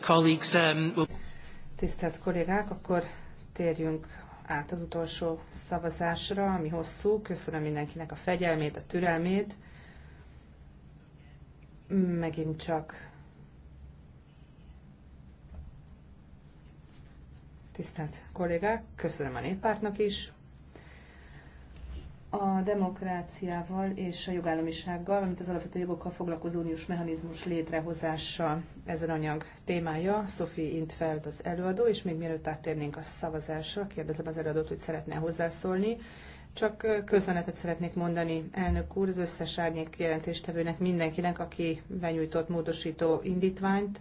colleagues, um, we'll... Tisztelt kollégák, akkor térjünk át az utolsó szavazásra, ami hosszú. Köszönöm mindenkinek a fegyelmét, a türelmét. Megint csak tisztelt kollégák, köszönöm a néppártnak is. A demokráciával és a jogállamisággal, valamint az alapvető jogokkal foglalkozó uniós mechanizmus létrehozása ezen anyag témája. Sophie Intfeld az előadó, és még mielőtt áttérnénk a szavazásra, kérdezem az előadót, hogy szeretne hozzászólni. Csak köszönetet szeretnék mondani, elnök úr, az összes árnyék jelentéstevőnek, mindenkinek, aki benyújtott módosító indítványt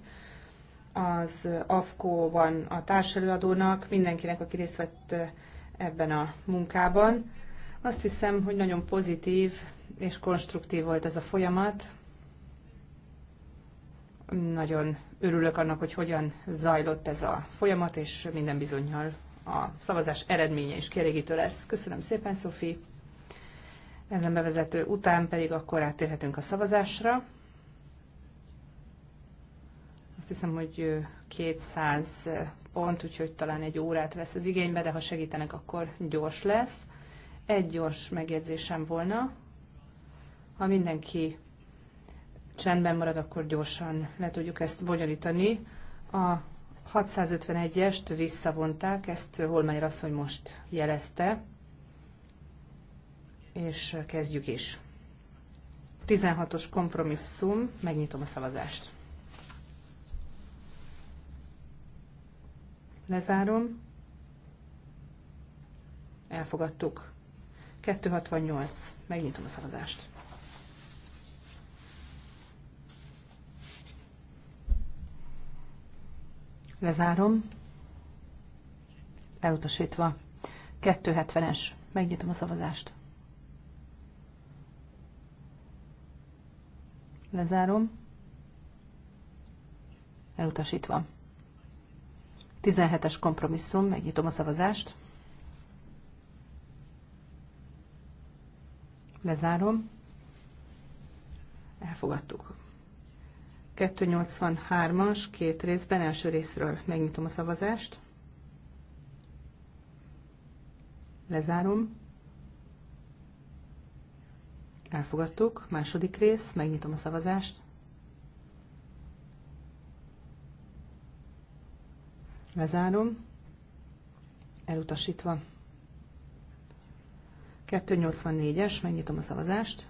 az afko van a társelőadónak, mindenkinek, aki részt vett eh, ebben a munkában. Azt hiszem, hogy nagyon pozitív és konstruktív volt ez a folyamat. Nagyon örülök annak, hogy hogyan zajlott ez a folyamat, és minden bizonyal a szavazás eredménye is kielégítő lesz. Köszönöm szépen, Szofi. Ezen bevezető után pedig akkor áttérhetünk a szavazásra. Azt hiszem, hogy 200 pont, úgyhogy talán egy órát vesz az igénybe, de ha segítenek, akkor gyors lesz. Egy gyors megjegyzésem volna. Ha mindenki csendben marad, akkor gyorsan le tudjuk ezt bonyolítani. A 651-est visszavonták, ezt Holmeyer asszony most jelezte, és kezdjük is. 16-os kompromisszum, megnyitom a szavazást. Lezárom. Elfogadtuk. 268. Megnyitom a szavazást. Lezárom. Elutasítva. 270-es. Megnyitom a szavazást. Lezárom. Elutasítva. 17-es kompromisszum, megnyitom a szavazást. Lezárom. Elfogadtuk. 283-as, két részben, első részről megnyitom a szavazást. Lezárom. Elfogadtuk. Második rész, megnyitom a szavazást. Lezárom. Elutasítva. 284-es, megnyitom a szavazást.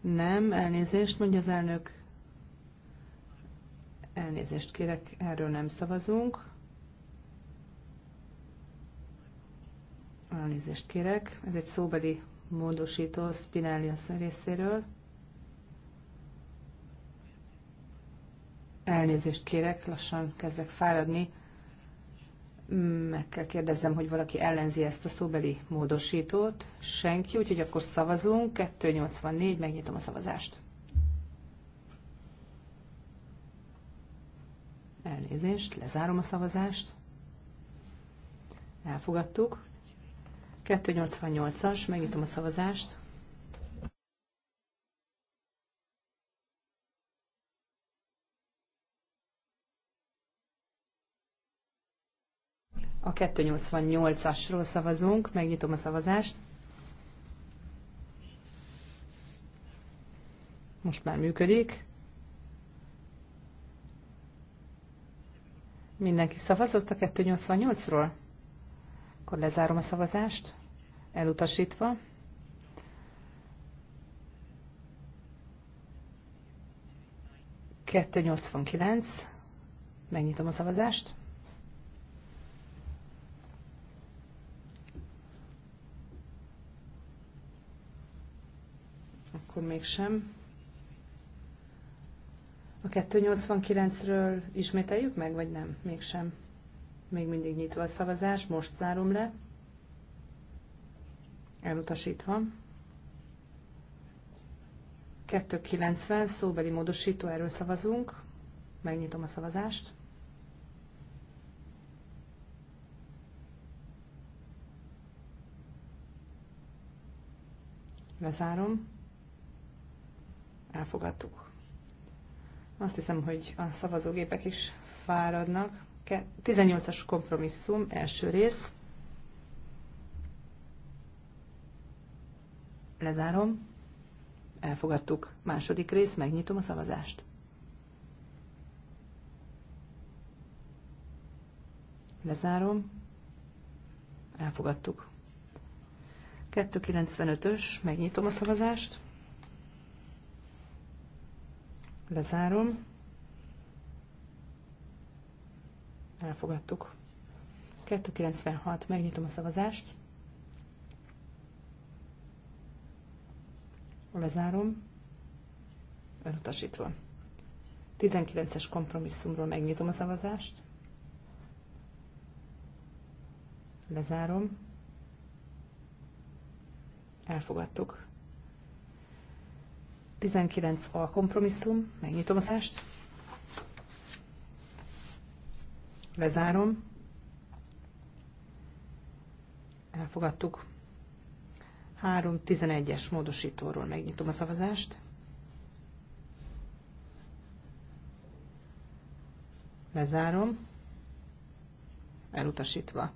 Nem, elnézést, mondja az elnök. Elnézést kérek, erről nem szavazunk. Elnézést kérek, ez egy szóbeli módosító Spinelli a részéről. Elnézést kérek, lassan kezdek fáradni. Meg kell kérdezzem, hogy valaki ellenzi ezt a szóbeli módosítót. Senki, úgyhogy akkor szavazunk. 284, megnyitom a szavazást. Elnézést, lezárom a szavazást. Elfogadtuk. 288-as, megnyitom a szavazást. A 288-asról szavazunk, megnyitom a szavazást. Most már működik. Mindenki szavazott a 288-ról? Akkor lezárom a szavazást, elutasítva. Kettő megnyitom a szavazást. akkor mégsem. A 289-ről ismételjük meg, vagy nem? Mégsem. Még mindig nyitva a szavazás, most zárom le. Elutasítva. 290 szóbeli módosító, erről szavazunk. Megnyitom a szavazást. Lezárom. Elfogadtuk. Azt hiszem, hogy a szavazógépek is fáradnak. 18-as kompromisszum, első rész. Lezárom. Elfogadtuk. Második rész, megnyitom a szavazást. Lezárom. Elfogadtuk. 295-ös, megnyitom a szavazást. Lezárom. Elfogadtuk. 296. Megnyitom a szavazást. Lezárom. Elutasítva. 19-es kompromisszumról megnyitom a szavazást. Lezárom. Elfogadtuk. 19 a kompromisszum, megnyitom a szást, lezárom, elfogadtuk. 3.11-es módosítóról megnyitom a szavazást. Lezárom. Elutasítva.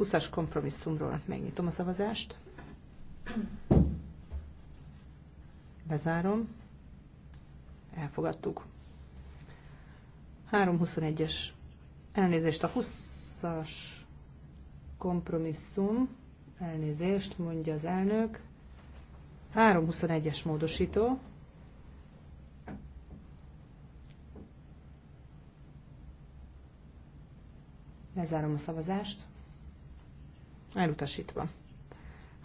20-as kompromisszumról megnyitom a szavazást. Bezárom. Elfogadtuk. 321-es. Elnézést a 20-as kompromisszum. Elnézést, mondja az elnök. 321-es módosító. Lezárom a szavazást. Elutasítva.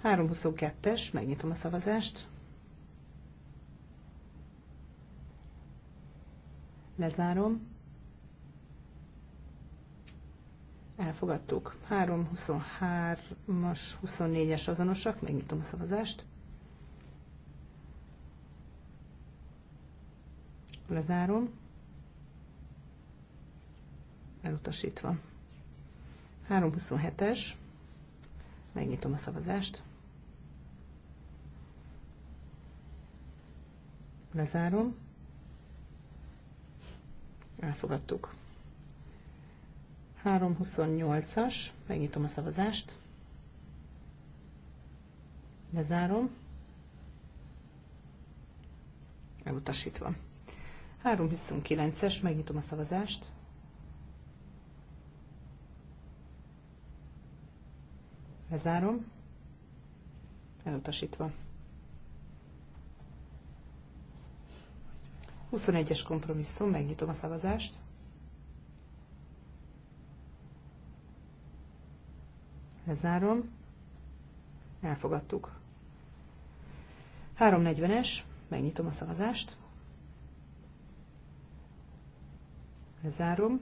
322-es, megnyitom a szavazást. Lezárom. Elfogadtuk. 3, 23-as, 24-es azonosak. Megnyitom a szavazást. Lezárom. Elutasítva. 3, 27 es Megnyitom a szavazást. Lezárom. Elfogadtuk. 328-as, megnyitom a szavazást. Lezárom. Elutasítva. 329-es, megnyitom a szavazást. Lezárom. Elutasítva. 21-es kompromisszum, megnyitom a szavazást. Lezárom. Elfogadtuk. 340-es, megnyitom a szavazást. Lezárom.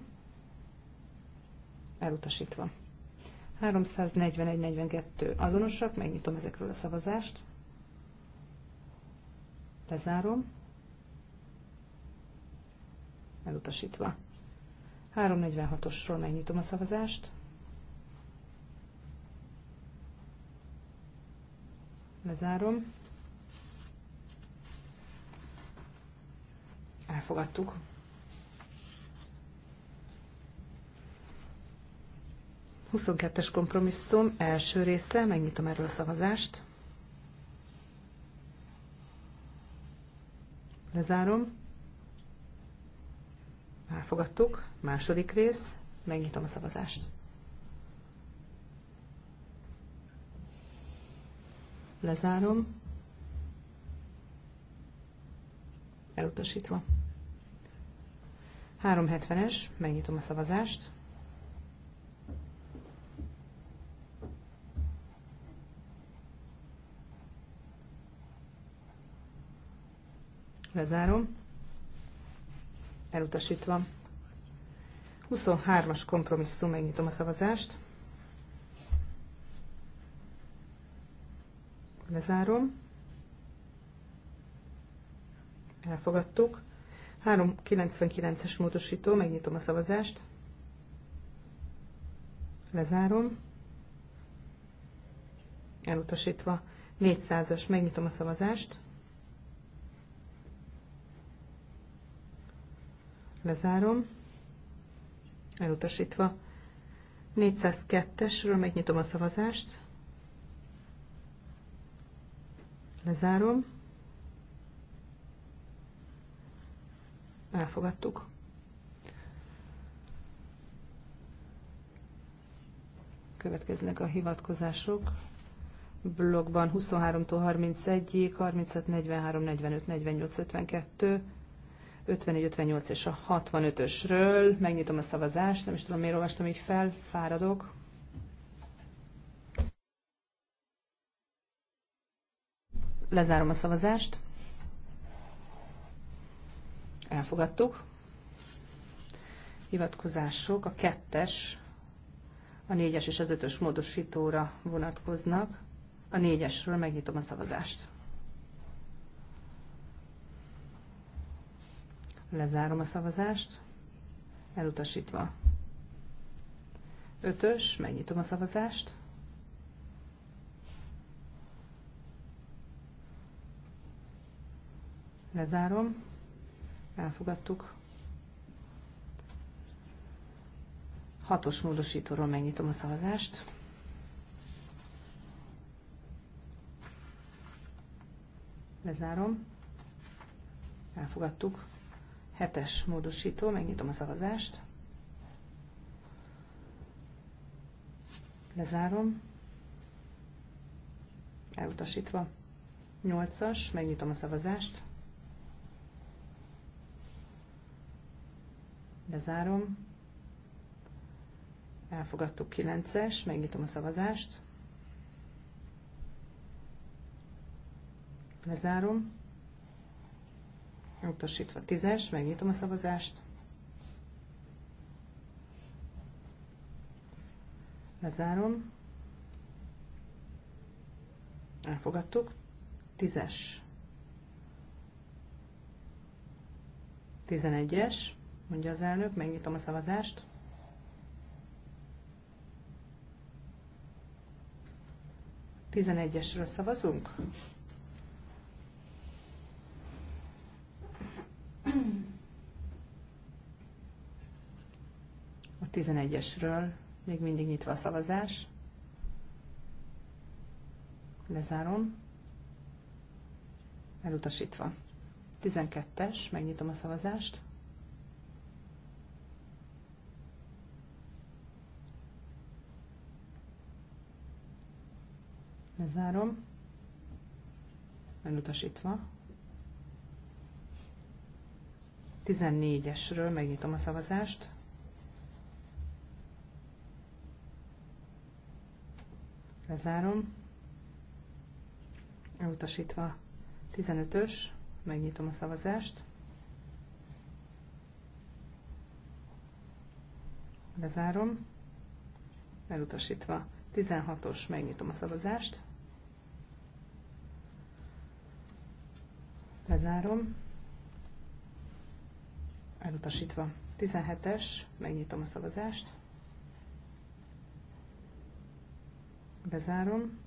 Elutasítva. 341-42 azonosak, megnyitom ezekről a szavazást. Lezárom elutasítva. 346-osról megnyitom a szavazást. Lezárom. Elfogadtuk. es kompromisszum első része, megnyitom erről a szavazást. Lezárom. Elfogadtuk. Második rész. Megnyitom a szavazást. Lezárom. Elutasítva. 370-es. Megnyitom a szavazást. Lezárom elutasítva. 23-as kompromisszum, megnyitom a szavazást. Lezárom. Elfogadtuk. 399-es módosító, megnyitom a szavazást. Lezárom. Elutasítva. 400-as, megnyitom a szavazást. Lezárom. Elutasítva. 402-esről megnyitom a szavazást. Lezárom. Elfogadtuk. Következnek a hivatkozások. Blogban 23 31-ig, 36, 43, 45, 48, 52, 54-58 és a 65-ösről. Megnyitom a szavazást, nem is tudom, miért olvastam így fel, fáradok. Lezárom a szavazást. Elfogadtuk. Hivatkozások a kettes, a négyes és az ötös módosítóra vonatkoznak. A négyesről megnyitom a szavazást. Lezárom a szavazást. Elutasítva. Ötös, megnyitom a szavazást. Lezárom. Elfogadtuk. Hatos módosítóról megnyitom a szavazást. Lezárom. Elfogadtuk. Hetes módosító, megnyitom a szavazást. Lezárom. Elutasítva. Nyolcas, megnyitom a szavazást. Lezárom. Elfogadtuk 9-es, megnyitom a szavazást. Lezárom Utasítva tízes, megnyitom a szavazást. Lezárom. Elfogadtuk. Tízes. Tizenegyes, mondja az elnök, megnyitom a szavazást. Tizenegyesről szavazunk? A 11-esről még mindig nyitva a szavazás. Lezárom. Elutasítva. 12-es, megnyitom a szavazást. Lezárom. Elutasítva. 14-esről megnyitom a szavazást. Lezárom. Elutasítva 15-ös, megnyitom a szavazást. Lezárom. Elutasítva 16-os, megnyitom a szavazást. Lezárom elutasítva. 17-es, megnyitom a szavazást. Bezárom.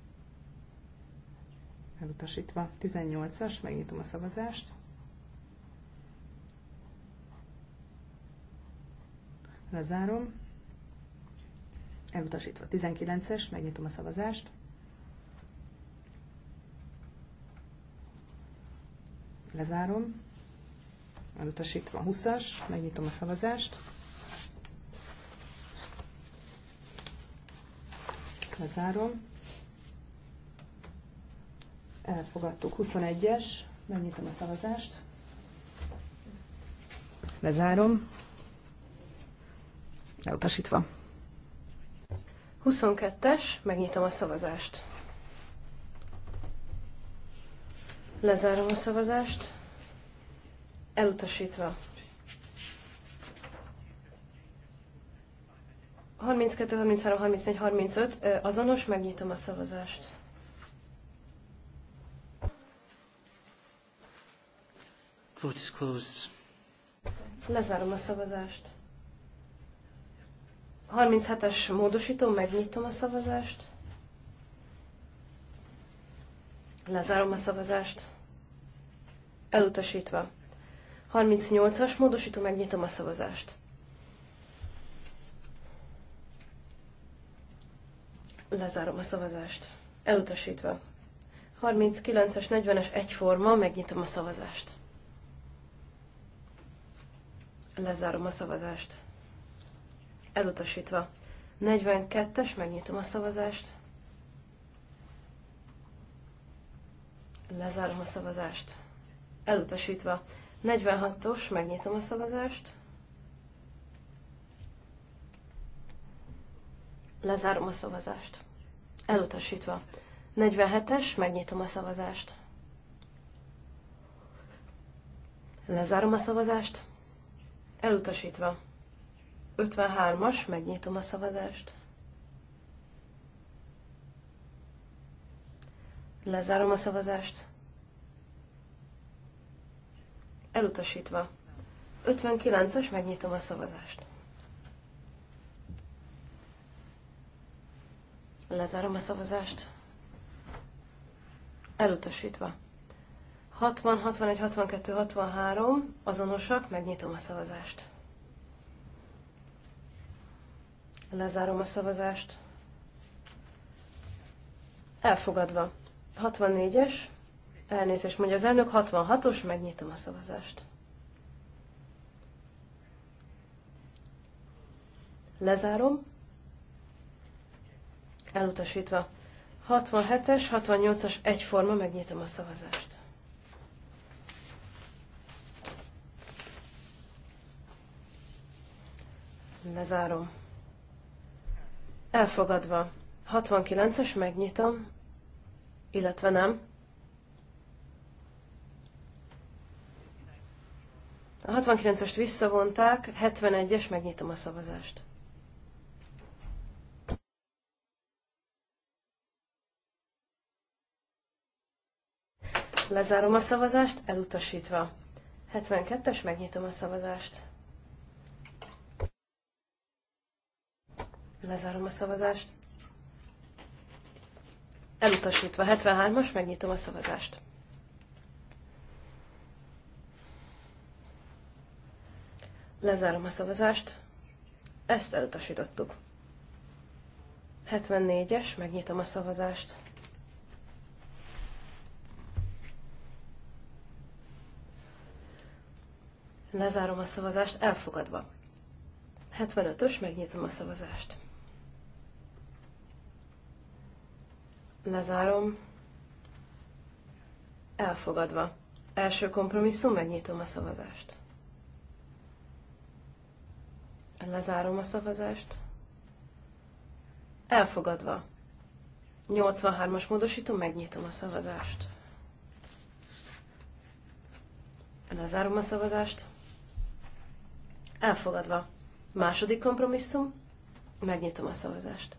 Elutasítva. 18-as, megnyitom a szavazást. Lezárom. Elutasítva. 19-es, megnyitom a szavazást. Lezárom elutasítva 20-as, megnyitom a szavazást. Lezárom. Elfogadtuk 21-es, megnyitom a szavazást. Lezárom. Elutasítva. 22-es, megnyitom a szavazást. Lezárom a szavazást elutasítva. 32, 33, 34, 35 azonos, megnyitom a szavazást. Vote is closed. Lezárom a szavazást. 37-es módosító, megnyitom a szavazást. Lezárom a szavazást. Elutasítva. 38-as módosító, megnyitom a szavazást. Lezárom a szavazást. Elutasítva. 39-es, 40-es egyforma, megnyitom a szavazást. Lezárom a szavazást. Elutasítva. 42-es, megnyitom a szavazást. Lezárom a szavazást. Elutasítva. 46-os, megnyitom a szavazást. Lezárom a szavazást. Elutasítva. 47-es, megnyitom a szavazást. Lezárom a szavazást. Elutasítva. 53-as, megnyitom a szavazást. Lezárom a szavazást. elutasítva. 59-es, megnyitom a szavazást. Lezárom a szavazást. Elutasítva. 60, 61, 62, 63 azonosak, megnyitom a szavazást. Lezárom a szavazást. Elfogadva. 64-es, Elnézést mondja az elnök, 66-os, megnyitom a szavazást. Lezárom. Elutasítva. 67-es, 68-as egyforma, megnyitom a szavazást. Lezárom. Elfogadva. 69-es, megnyitom, illetve nem, A 69-est visszavonták, 71-es, megnyitom a szavazást. Lezárom a szavazást, elutasítva. 72-es, megnyitom a szavazást. Lezárom a szavazást. Elutasítva. 73-as, megnyitom a szavazást. Lezárom a szavazást. Ezt elutasítottuk. 74-es, megnyitom a szavazást. Lezárom a szavazást, elfogadva. 75-ös, megnyitom a szavazást. Lezárom. Elfogadva. Első kompromisszum, megnyitom a szavazást. Lezárom a szavazást. Elfogadva. 83-as módosító, megnyitom a szavazást. Lezárom a szavazást. Elfogadva. Második kompromisszum, megnyitom a szavazást.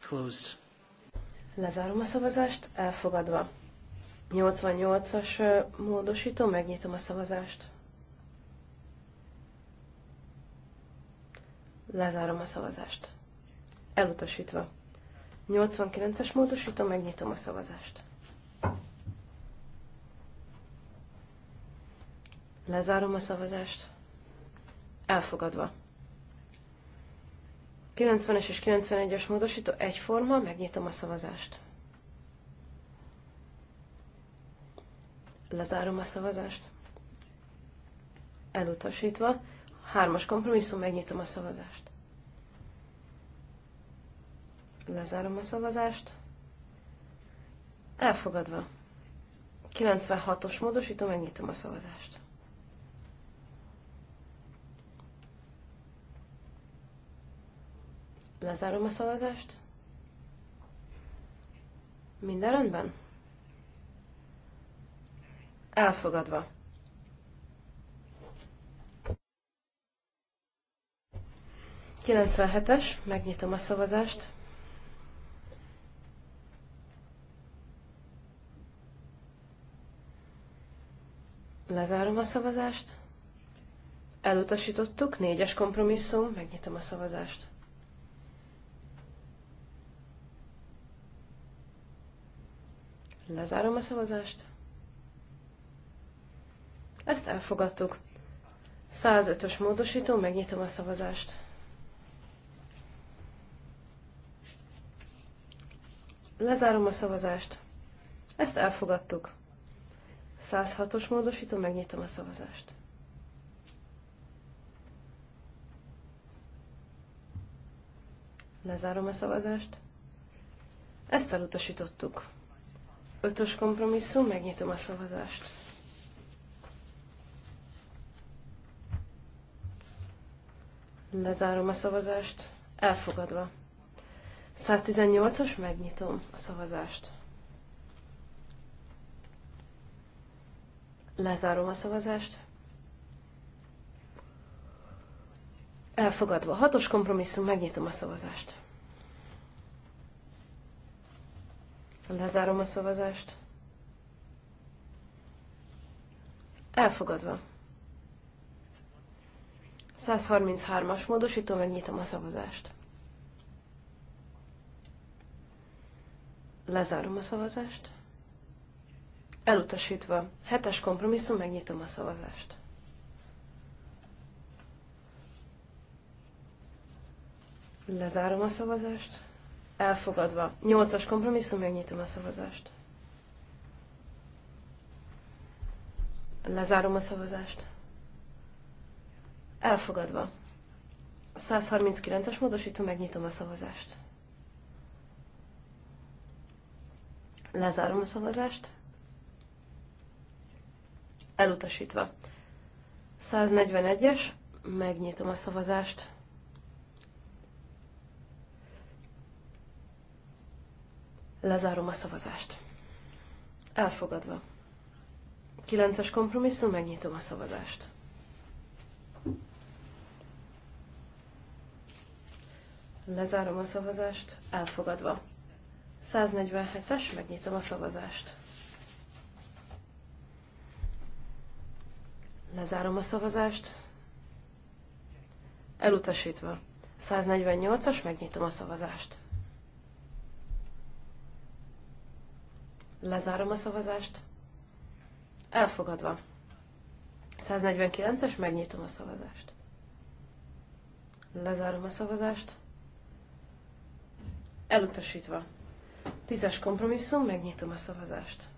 Close. Lezárom a szavazást, elfogadva. 88-as módosító, megnyitom a szavazást. Lezárom a szavazást. Elutasítva. 89-es módosítom, megnyitom a szavazást. Lezárom a szavazást. Elfogadva. 90-es és 91-es módosító egyforma, megnyitom a szavazást. Lezárom a szavazást. Elutasítva. Hármas kompromisszum, megnyitom a szavazást. Lezárom a szavazást. Elfogadva. 96-os módosító, megnyitom a szavazást. Lezárom a szavazást. Minden rendben? Elfogadva. 97-es, megnyitom a szavazást. Lezárom a szavazást. Elutasítottuk, négyes kompromisszum, megnyitom a szavazást. Lezárom a szavazást. Ezt elfogadtuk. 105-ös módosító, megnyitom a szavazást. Lezárom a szavazást. Ezt elfogadtuk. 106-os módosító, megnyitom a szavazást. Lezárom a szavazást. Ezt elutasítottuk. Ötös kompromisszum, megnyitom a szavazást. Lezárom a szavazást. Elfogadva. 118 os megnyitom a szavazást. Lezárom a szavazást. Elfogadva a hatos kompromisszum, megnyitom a szavazást. Lezárom a szavazást. Elfogadva. 133-as módosító, megnyitom a szavazást. Lezárom a szavazást. Elutasítva. Hetes kompromisszum, megnyitom a szavazást. Lezárom a szavazást. Elfogadva. Nyolcas kompromisszum, megnyitom a szavazást. Lezárom a szavazást. Elfogadva. 139-es módosító, megnyitom a szavazást. Lezárom a szavazást. Elutasítva. 141-es, megnyitom a szavazást. Lezárom a szavazást. Elfogadva. 9-es kompromisszum, megnyitom a szavazást. Lezárom a szavazást, elfogadva. 147-es, megnyitom a szavazást. Lezárom a szavazást. Elutasítva. 148-as, megnyitom a szavazást. Lezárom a szavazást. Elfogadva. 149-es, megnyitom a szavazást. Lezárom a szavazást. Elutasítva. Tízes kompromisszum, megnyitom a szavazást.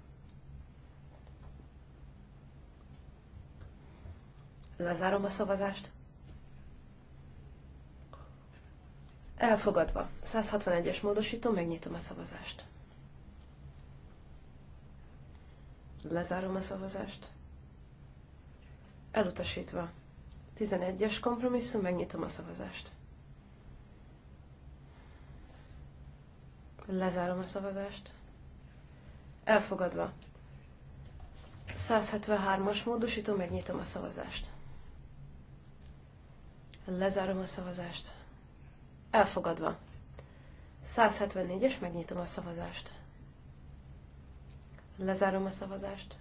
Lezárom a szavazást. Elfogadva. 161-es módosító, megnyitom a szavazást. Lezárom a szavazást. Elutasítva. 11-es kompromisszum, megnyitom a szavazást. Lezárom a szavazást. Elfogadva. 173-as módosító, megnyitom a szavazást. Lezárom a szavazást. Elfogadva. 174-es, megnyitom a szavazást. Lezárom a szavazást.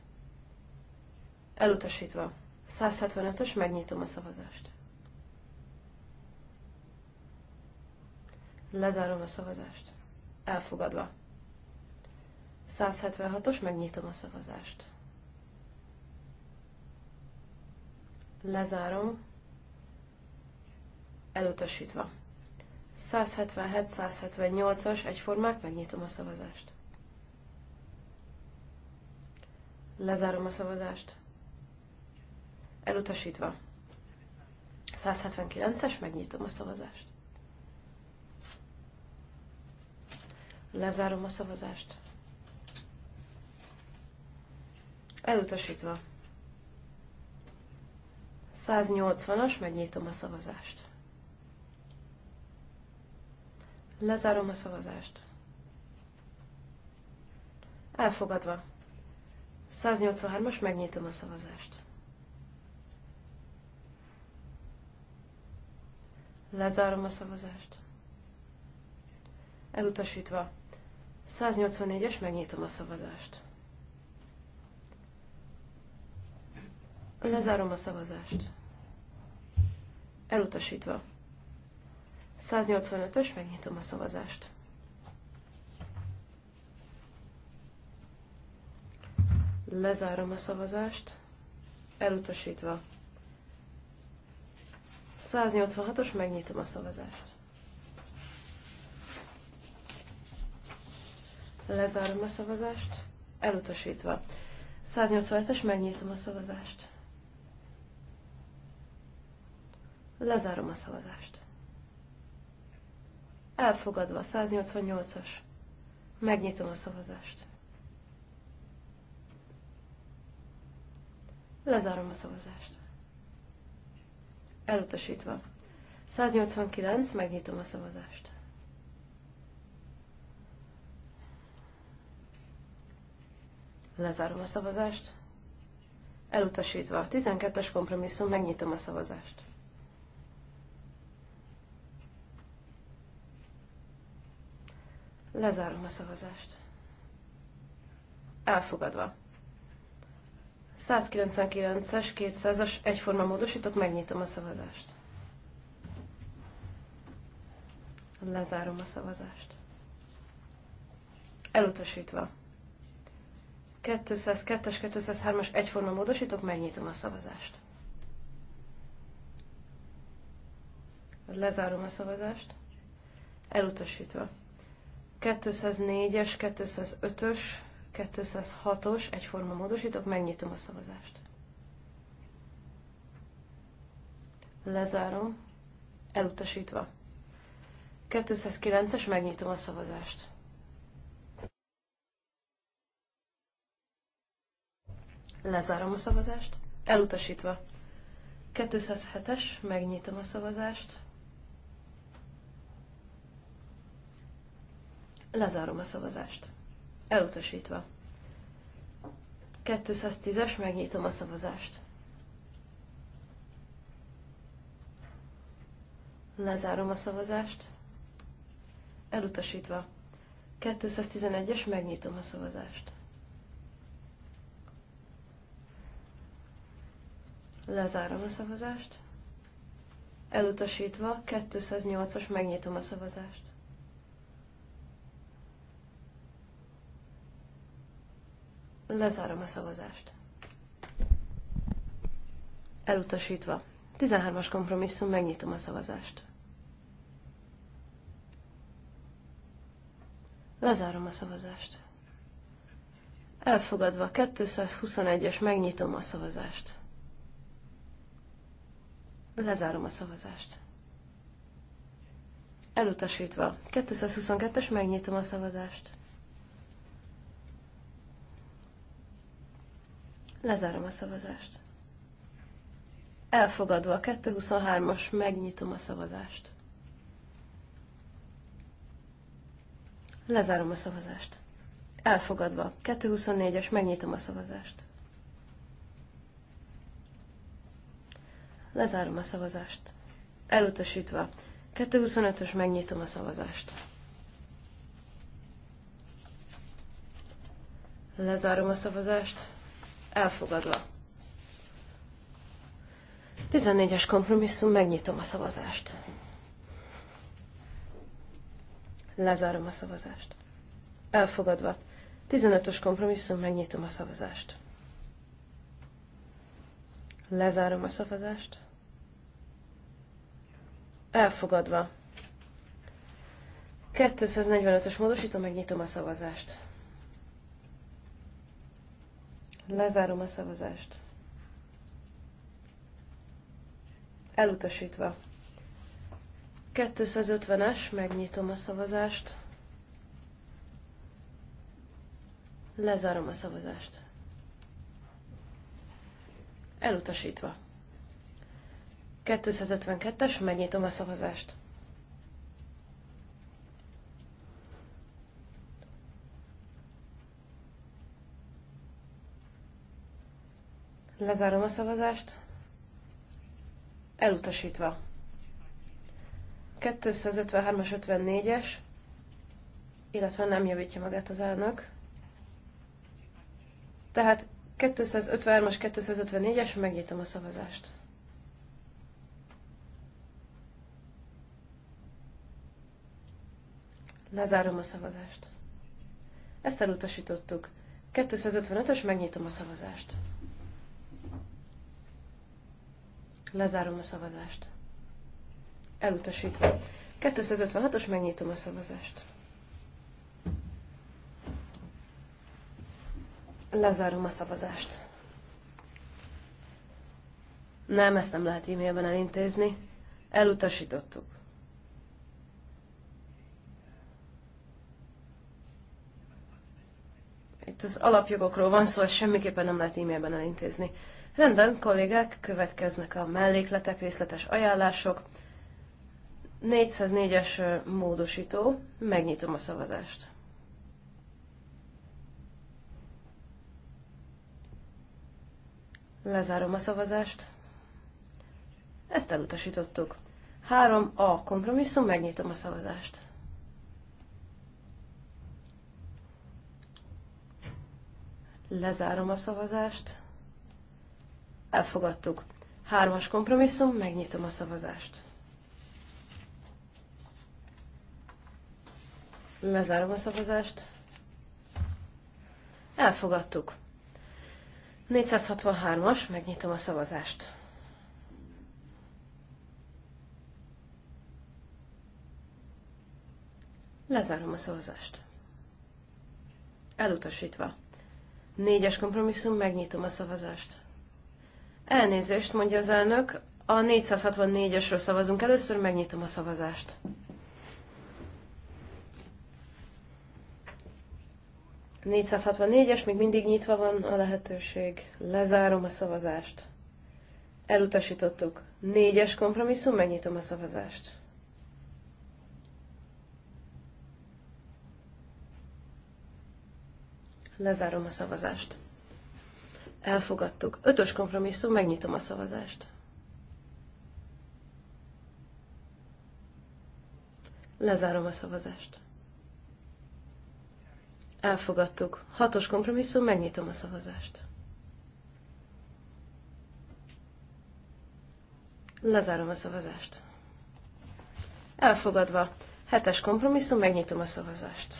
Elutasítva. 175-ös, megnyitom a szavazást. Lezárom a szavazást elfogadva. 176-os, megnyitom a szavazást. Lezárom, elutasítva. 177-178-as egyformák, megnyitom a szavazást. Lezárom a szavazást. Elutasítva. 179-es, megnyitom a szavazást. Lezárom a szavazást. Elutasítva. 180-as, megnyitom a szavazást. Lezárom a szavazást. Elfogadva. 183-as, megnyitom a szavazást. Lezárom a szavazást. Elutasítva. 184-es, megnyitom a szavazást. Lezárom a szavazást. Elutasítva. 185-ös, megnyitom a szavazást. Lezárom a szavazást. Elutasítva. 186-os, megnyitom a szavazást. Lezárom a szavazást. Elutasítva. 187-es, megnyitom a szavazást. Lezárom a szavazást. Elfogadva. 188-as. Megnyitom a szavazást. Lezárom a szavazást. Elutasítva. 189, megnyitom a szavazást. Lezárom a szavazást. Elutasítva. 12-es kompromisszum, megnyitom a szavazást. Lezárom a szavazást. Elfogadva. 199-es, 200-as, egyforma módosítok, megnyitom a szavazást. Lezárom a szavazást. Elutasítva. 202-es, 203-as egyforma módosítok, megnyitom a szavazást. Lezárom a szavazást. Elutasítva. 204-es, 205-ös, 206-os egyforma módosítok, megnyitom a szavazást. Lezárom. Elutasítva. 209-es, megnyitom a szavazást. Lezárom a szavazást. Elutasítva. 207-es, megnyitom a szavazást. Lezárom a szavazást. Elutasítva. 210-es, megnyitom a szavazást. Lezárom a szavazást. Elutasítva. 211-es, megnyitom a szavazást. Lezárom a szavazást. Elutasítva 208-as megnyitom a szavazást. Lezárom a szavazást. Elutasítva. 13-as kompromisszum, megnyitom a szavazást. Lezárom a szavazást. Elfogadva 221-es, megnyitom a szavazást. Lezárom a szavazást. Elutasítva. 222-es, megnyitom a szavazást. Lezárom a szavazást. Elfogadva. 223-as, megnyitom a szavazást. Lezárom a szavazást. Elfogadva. 224-es, megnyitom a szavazást. Lezárom a szavazást. Elutasítva. 225-ös megnyitom a szavazást. Lezárom a szavazást. Elfogadva. 14-es kompromisszum, megnyitom a szavazást. Lezárom a szavazást. Elfogadva. 15-ös kompromisszum, megnyitom a szavazást. Lezárom a szavazást. Elfogadva. 245-ös módosítom, megnyitom a szavazást. Lezárom a szavazást. Elutasítva. 250-es, megnyitom a szavazást. Lezárom a szavazást. Elutasítva. 252-es, megnyitom a szavazást. Lezárom a szavazást. Elutasítva. 253-as, 54-es, illetve nem javítja magát az elnök. Tehát 253-as, 254-es, megnyitom a szavazást. Lezárom a szavazást. Ezt elutasítottuk. 255-ös, megnyitom a szavazást. Lezárom a szavazást. Elutasítva. 256-os, megnyitom a szavazást. Lezárom a szavazást. Nem, ezt nem lehet e-mailben elintézni. Elutasítottuk. Itt az alapjogokról van szó, és semmiképpen nem lehet e-mailben elintézni. Rendben, kollégák, következnek a mellékletek, részletes ajánlások. 404-es módosító, megnyitom a szavazást. Lezárom a szavazást. Ezt elutasítottuk. 3A kompromisszum, megnyitom a szavazást. Lezárom a szavazást. Elfogadtuk. Hármas kompromisszum, megnyitom a szavazást. Lezárom a szavazást. Elfogadtuk. 463-as, megnyitom a szavazást. Lezárom a szavazást. Elutasítva. Négyes kompromisszum, megnyitom a szavazást. Elnézést, mondja az elnök, a 464-esről szavazunk először, megnyitom a szavazást. A 464-es, még mindig nyitva van a lehetőség. Lezárom a szavazást. Elutasítottuk. Négyes kompromisszum, megnyitom a szavazást. Lezárom a szavazást. Elfogadtuk. Ötös kompromisszum, megnyitom a szavazást. Lezárom a szavazást. Elfogadtuk. Hatos kompromisszum, megnyitom a szavazást. Lezárom a szavazást. Elfogadva. Hetes kompromisszum, megnyitom a szavazást.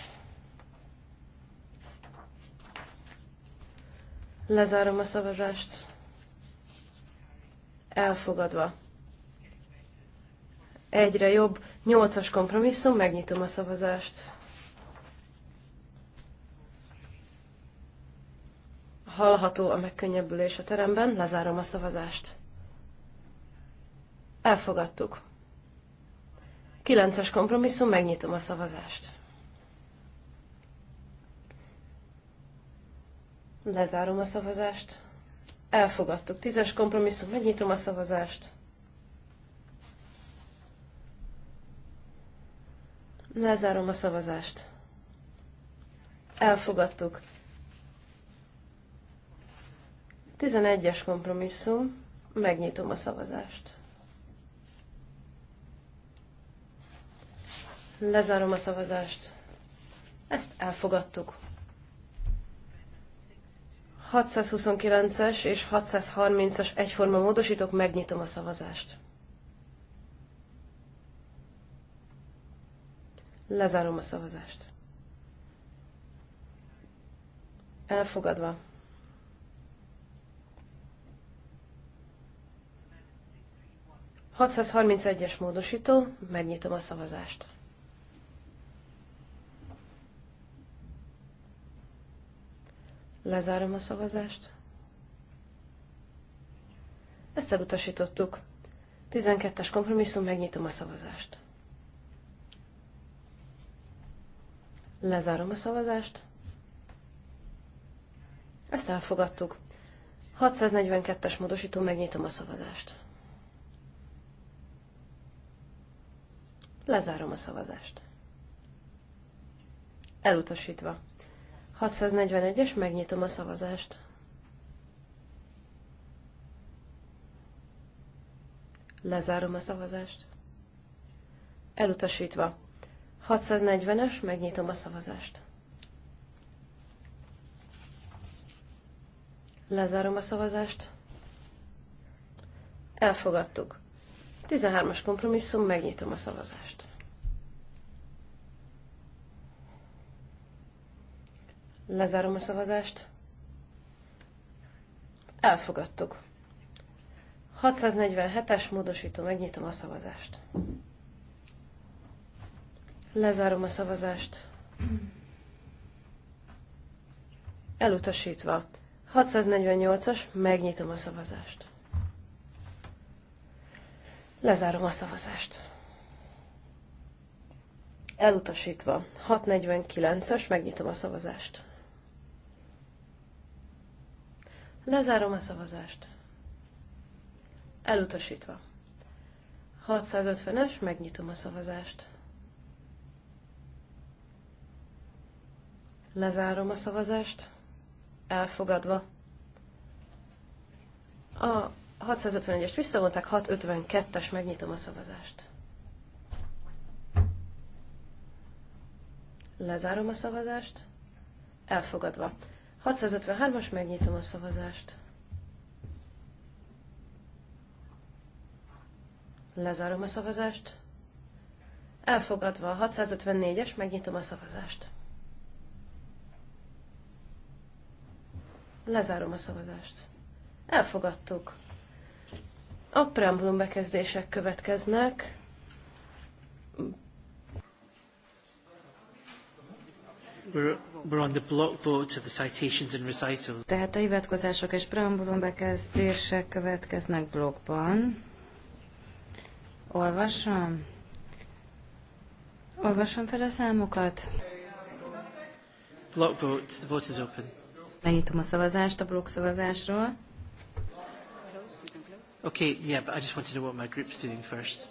Lezárom a szavazást. Elfogadva. Egyre jobb. Nyolcas kompromisszum, megnyitom a szavazást. Hallható a megkönnyebbülés a teremben, lezárom a szavazást. Elfogadtuk. Kilences kompromisszum, megnyitom a szavazást. Lezárom a szavazást. Elfogadtuk. Tízes kompromisszum. Megnyitom a szavazást. Lezárom a szavazást. Elfogadtuk. Tizenegyes kompromisszum. Megnyitom a szavazást. Lezárom a szavazást. Ezt elfogadtuk. 629-es és 630-as egyforma módosítok, megnyitom a szavazást. Lezárom a szavazást. Elfogadva. Hatszázharmincegyes módosító, megnyitom a szavazást. Lezárom a szavazást. Ezt elutasítottuk. 12-es kompromisszum, megnyitom a szavazást. Lezárom a szavazást. Ezt elfogadtuk. 642-es módosító, megnyitom a szavazást. Lezárom a szavazást. Elutasítva. 641-es, megnyitom a szavazást. Lezárom a szavazást. Elutasítva. 640-es, megnyitom a szavazást. Lezárom a szavazást. Elfogadtuk. 13-as kompromisszum, megnyitom a szavazást. Lezárom a szavazást. Elfogadtuk. 647-es módosító, megnyitom a szavazást. Lezárom a szavazást. Elutasítva. 648-as, megnyitom a szavazást. Lezárom a szavazást. Elutasítva. 649-as, megnyitom a szavazást. Lezárom a szavazást. Elutasítva. 650-es, megnyitom a szavazást. Lezárom a szavazást. Elfogadva. A 651-est visszavonták, 652-es, megnyitom a szavazást. Lezárom a szavazást. Elfogadva. 653-as, megnyitom a szavazást. Lezárom a szavazást. Elfogadva a 654-es, megnyitom a szavazást. Lezárom a szavazást. Elfogadtuk. A preambulum bekezdések következnek. we're, we're on the block vote of the citations and recital. Tehát a hivatkozások és preambulum bekezdések következnek blokkban. Olvasom. Olvasom fel a számokat. Block vote. The vote is open. Megnyitom a szavazást a blokk szavazásról. Okay, yeah, but I just want to know what my group's doing first.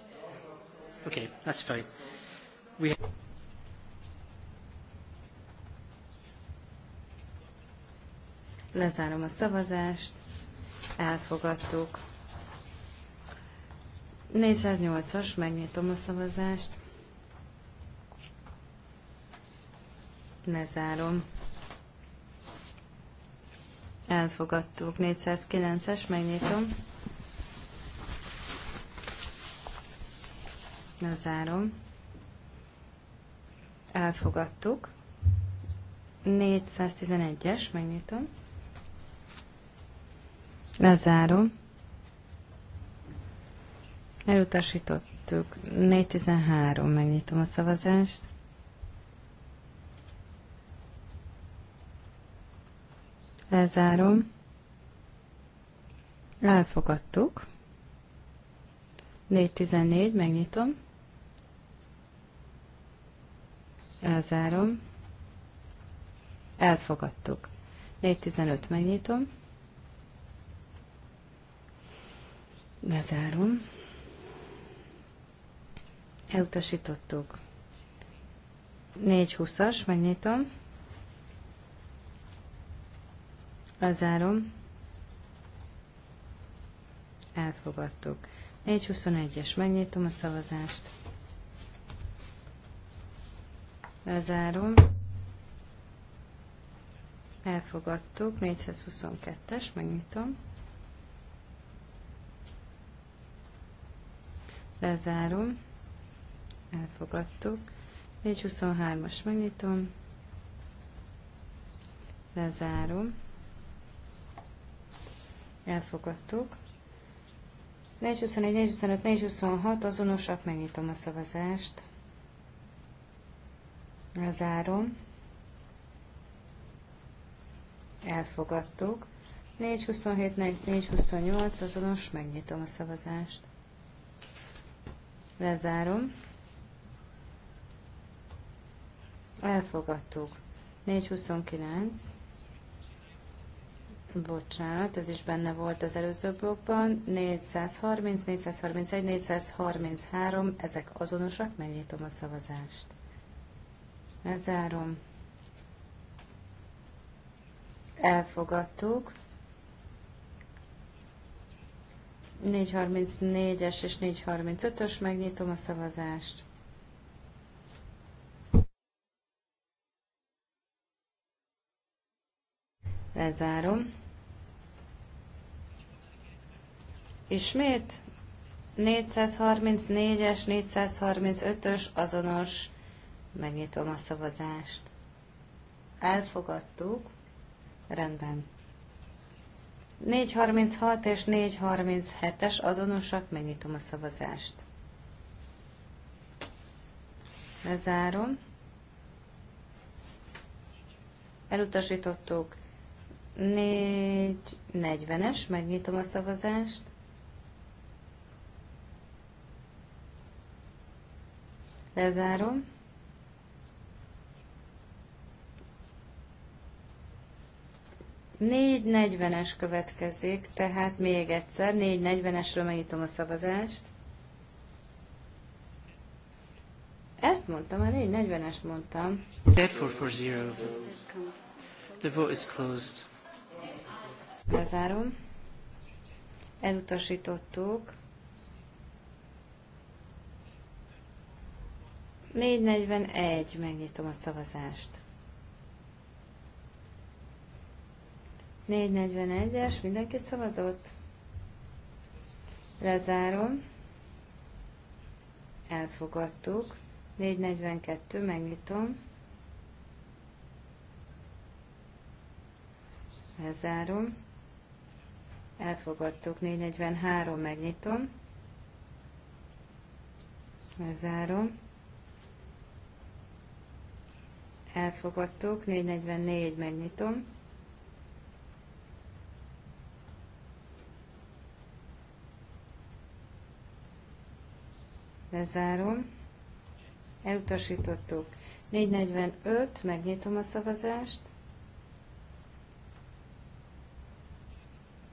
Okay, that's fine. We have Lezárom a szavazást. Elfogadtuk. 408-as, megnyitom a szavazást. Lezárom. Elfogadtuk. 409-es, megnyitom. Lezárom. Elfogadtuk. 411-es, megnyitom. Lezárom. Elutasítottuk. 413. Megnyitom a szavazást. Lezárom. Elfogadtuk. 414. Megnyitom. Elzárom. Elfogadtuk. 415. Megnyitom. Bezárom. Elutasítottuk. 420-as, megnyitom. Lezárom. Elfogadtuk. 421-es, megnyitom a szavazást. Lezárom. Elfogadtuk. 422-es, megnyitom. Lezárom. Elfogadtuk. 423-as megnyitom. Lezárom. Elfogadtuk. 421, 425, 426 azonosak, megnyitom a szavazást. Lezárom. Elfogadtuk. 427, 428 azonos, megnyitom a szavazást. Lezárom. Elfogadtuk. 429. Bocsánat, ez is benne volt az előző blokkban. 430, 431, 433, ezek azonosak, megnyitom a szavazást. Lezárom. Elfogadtuk. 434-es és 435-ös, megnyitom a szavazást. Lezárom. Ismét 434-es, 435-ös azonos. Megnyitom a szavazást. Elfogadtuk. Rendben. 436 és 437-es azonosak, megnyitom a szavazást. Lezárom. Elutasítottuk 440-es, megnyitom a szavazást. Lezárom. 4.40-es következik, tehát még egyszer, 4.40-esről megnyitom a szavazást. Ezt mondtam, a 4.40-es mondtam. Dead 4.40. The vote is closed. Lezárom. Elutasítottuk. 4.41, megnyitom a szavazást. 441-es, mindenki szavazott? Lezárom. Elfogadtuk. 442, megnyitom. Lezárom. Elfogadtuk. 443, megnyitom. Lezárom. Elfogadtuk. 444, megnyitom Lezárom. Elutasítottuk. 445, megnyitom a szavazást.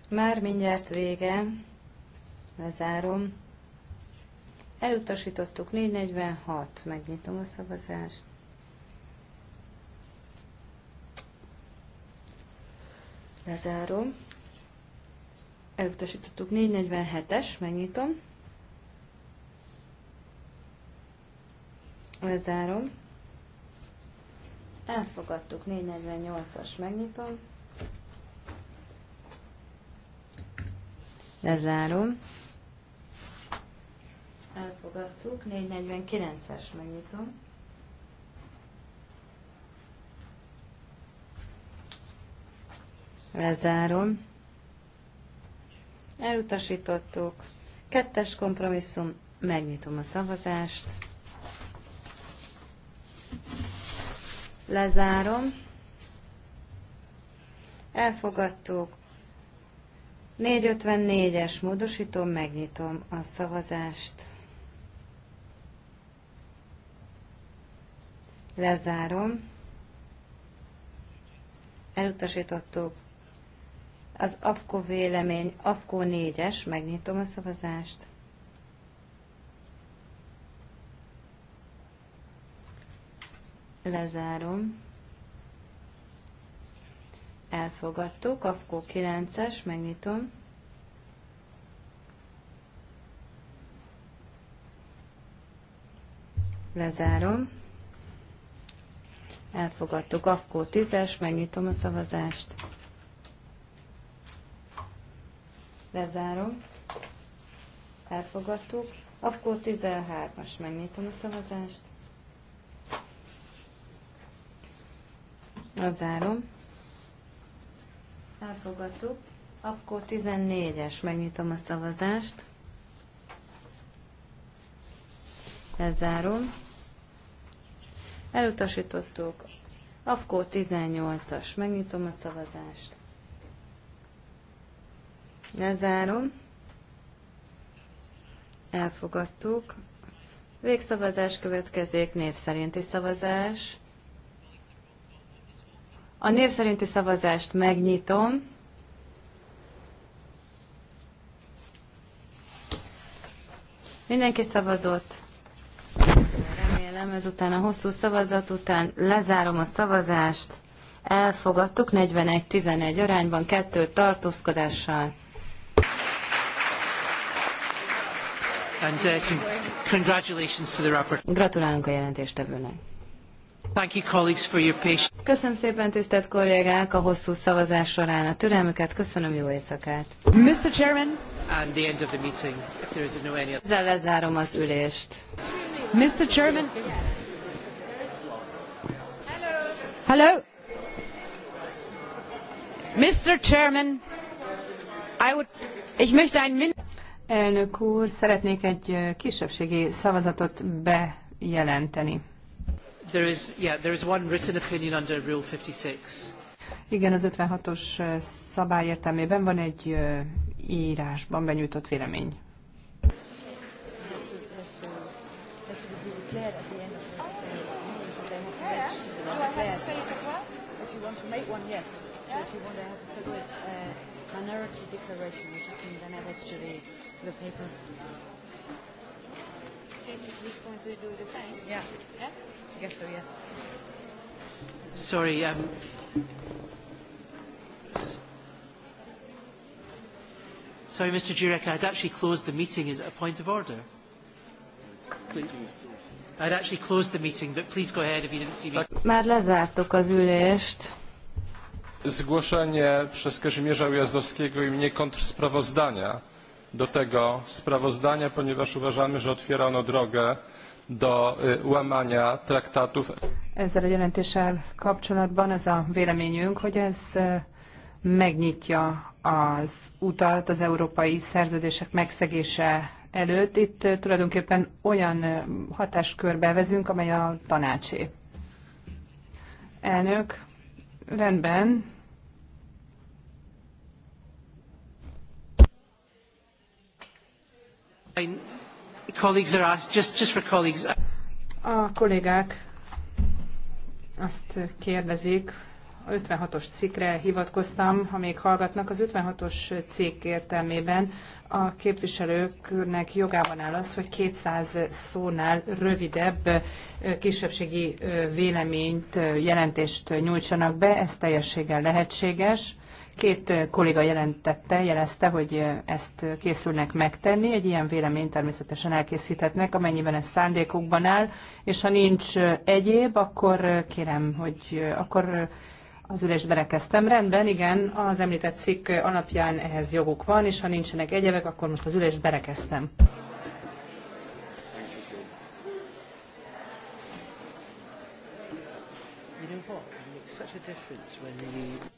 Már mindjárt vége. Lezárom. Elutasítottuk 446. Megnyitom a szavazást. Lezárom. Elutasítottuk 447-es. Megnyitom. Lezárom. Elfogadtuk 448-as, megnyitom. Lezárom. Elfogadtuk 449-es, megnyitom. Lezárom. Elutasítottuk. Kettes kompromisszum, megnyitom a szavazást. Lezárom. Elfogadtuk. 454-es módosítom, megnyitom a szavazást. Lezárom. Elutasítottuk. Az AFKO vélemény, AFKO 4-es, megnyitom a szavazást. Lezárom. Elfogadtuk. kafkó 9-es, megnyitom. Lezárom. Elfogadtuk. kafkó 10-es, megnyitom a szavazást. Lezárom. Elfogadtuk. Afkó 13-as, megnyitom a szavazást. Lezárom. Elfogadtuk. Akkor 14-es, megnyitom a szavazást. Lezárom. Elutasítottuk. Afkó 18-as. Megnyitom a szavazást. Lezárom. Elfogadtuk. Végszavazás következik, név szerinti szavazás. A név szerinti szavazást megnyitom. Mindenki szavazott. Remélem ezután a hosszú szavazat után lezárom a szavazást. Elfogadtuk 41-11 arányban, kettő tartózkodással. And, uh, Gratulálunk a jelentéstevőnek. Köszönöm szépen, tisztelt kollégák, a hosszú szavazás során a türelmüket. Köszönöm, jó éjszakát. Mr. Chairman. And the end of the meeting, if there is no any... Ezzel lezárom az ülést. Mr. Chairman. Hello. Hello. Mr. Chairman, I would, ich möchte ein Elnök úr, szeretnék egy kisebbségi szavazatot bejelenteni. There is, yeah, there is one written opinion under Rule 56. Igen, az 56-os szabály értelmében van egy írásban benyújtott vélemény. Yeah? guess so, yeah. Sorry, um, Sorry, Mr. Jurek, I'd actually closed the meeting. Is it a point of order? Please. I'd actually closed the meeting, but please go ahead if you didn't see me. Már lezártuk az ülést. Zgłoszenie przez Kazimierza Ujazdowskiego i mnie kontrsprawozdania do tego sprawozdania, ponieważ uważamy, że otwiera ono drogę do e, łamania traktatów. Ezzel a jelentéssel kapcsolatban az a véleményünk, hogy ez e, megnyitja az utat az európai szerződések megszegése előtt. Itt e, tulajdonképpen olyan hatáskörbe vezünk, amely a tanácsé. Elnök, rendben, I a kollégák azt kérdezik, a 56-os cikkre hivatkoztam, ha még hallgatnak, az 56-os cikk értelmében a képviselőknek jogában áll az, hogy 200 szónál rövidebb kisebbségi véleményt, jelentést nyújtsanak be, ez teljességgel lehetséges Két eh, kolléga jelentette, jelezte, hogy eh, ezt készülnek megtenni. Egy ilyen véleményt természetesen elkészíthetnek, amennyiben ez szándékukban áll, és ha nincs eh, egyéb, akkor kérem, hogy akkor az ülést berekeztem. Rendben, igen, az említett cikk alapján ehhez joguk van, és ha nincsenek egyebek, akkor most az ülést berekeztem. such a difference when you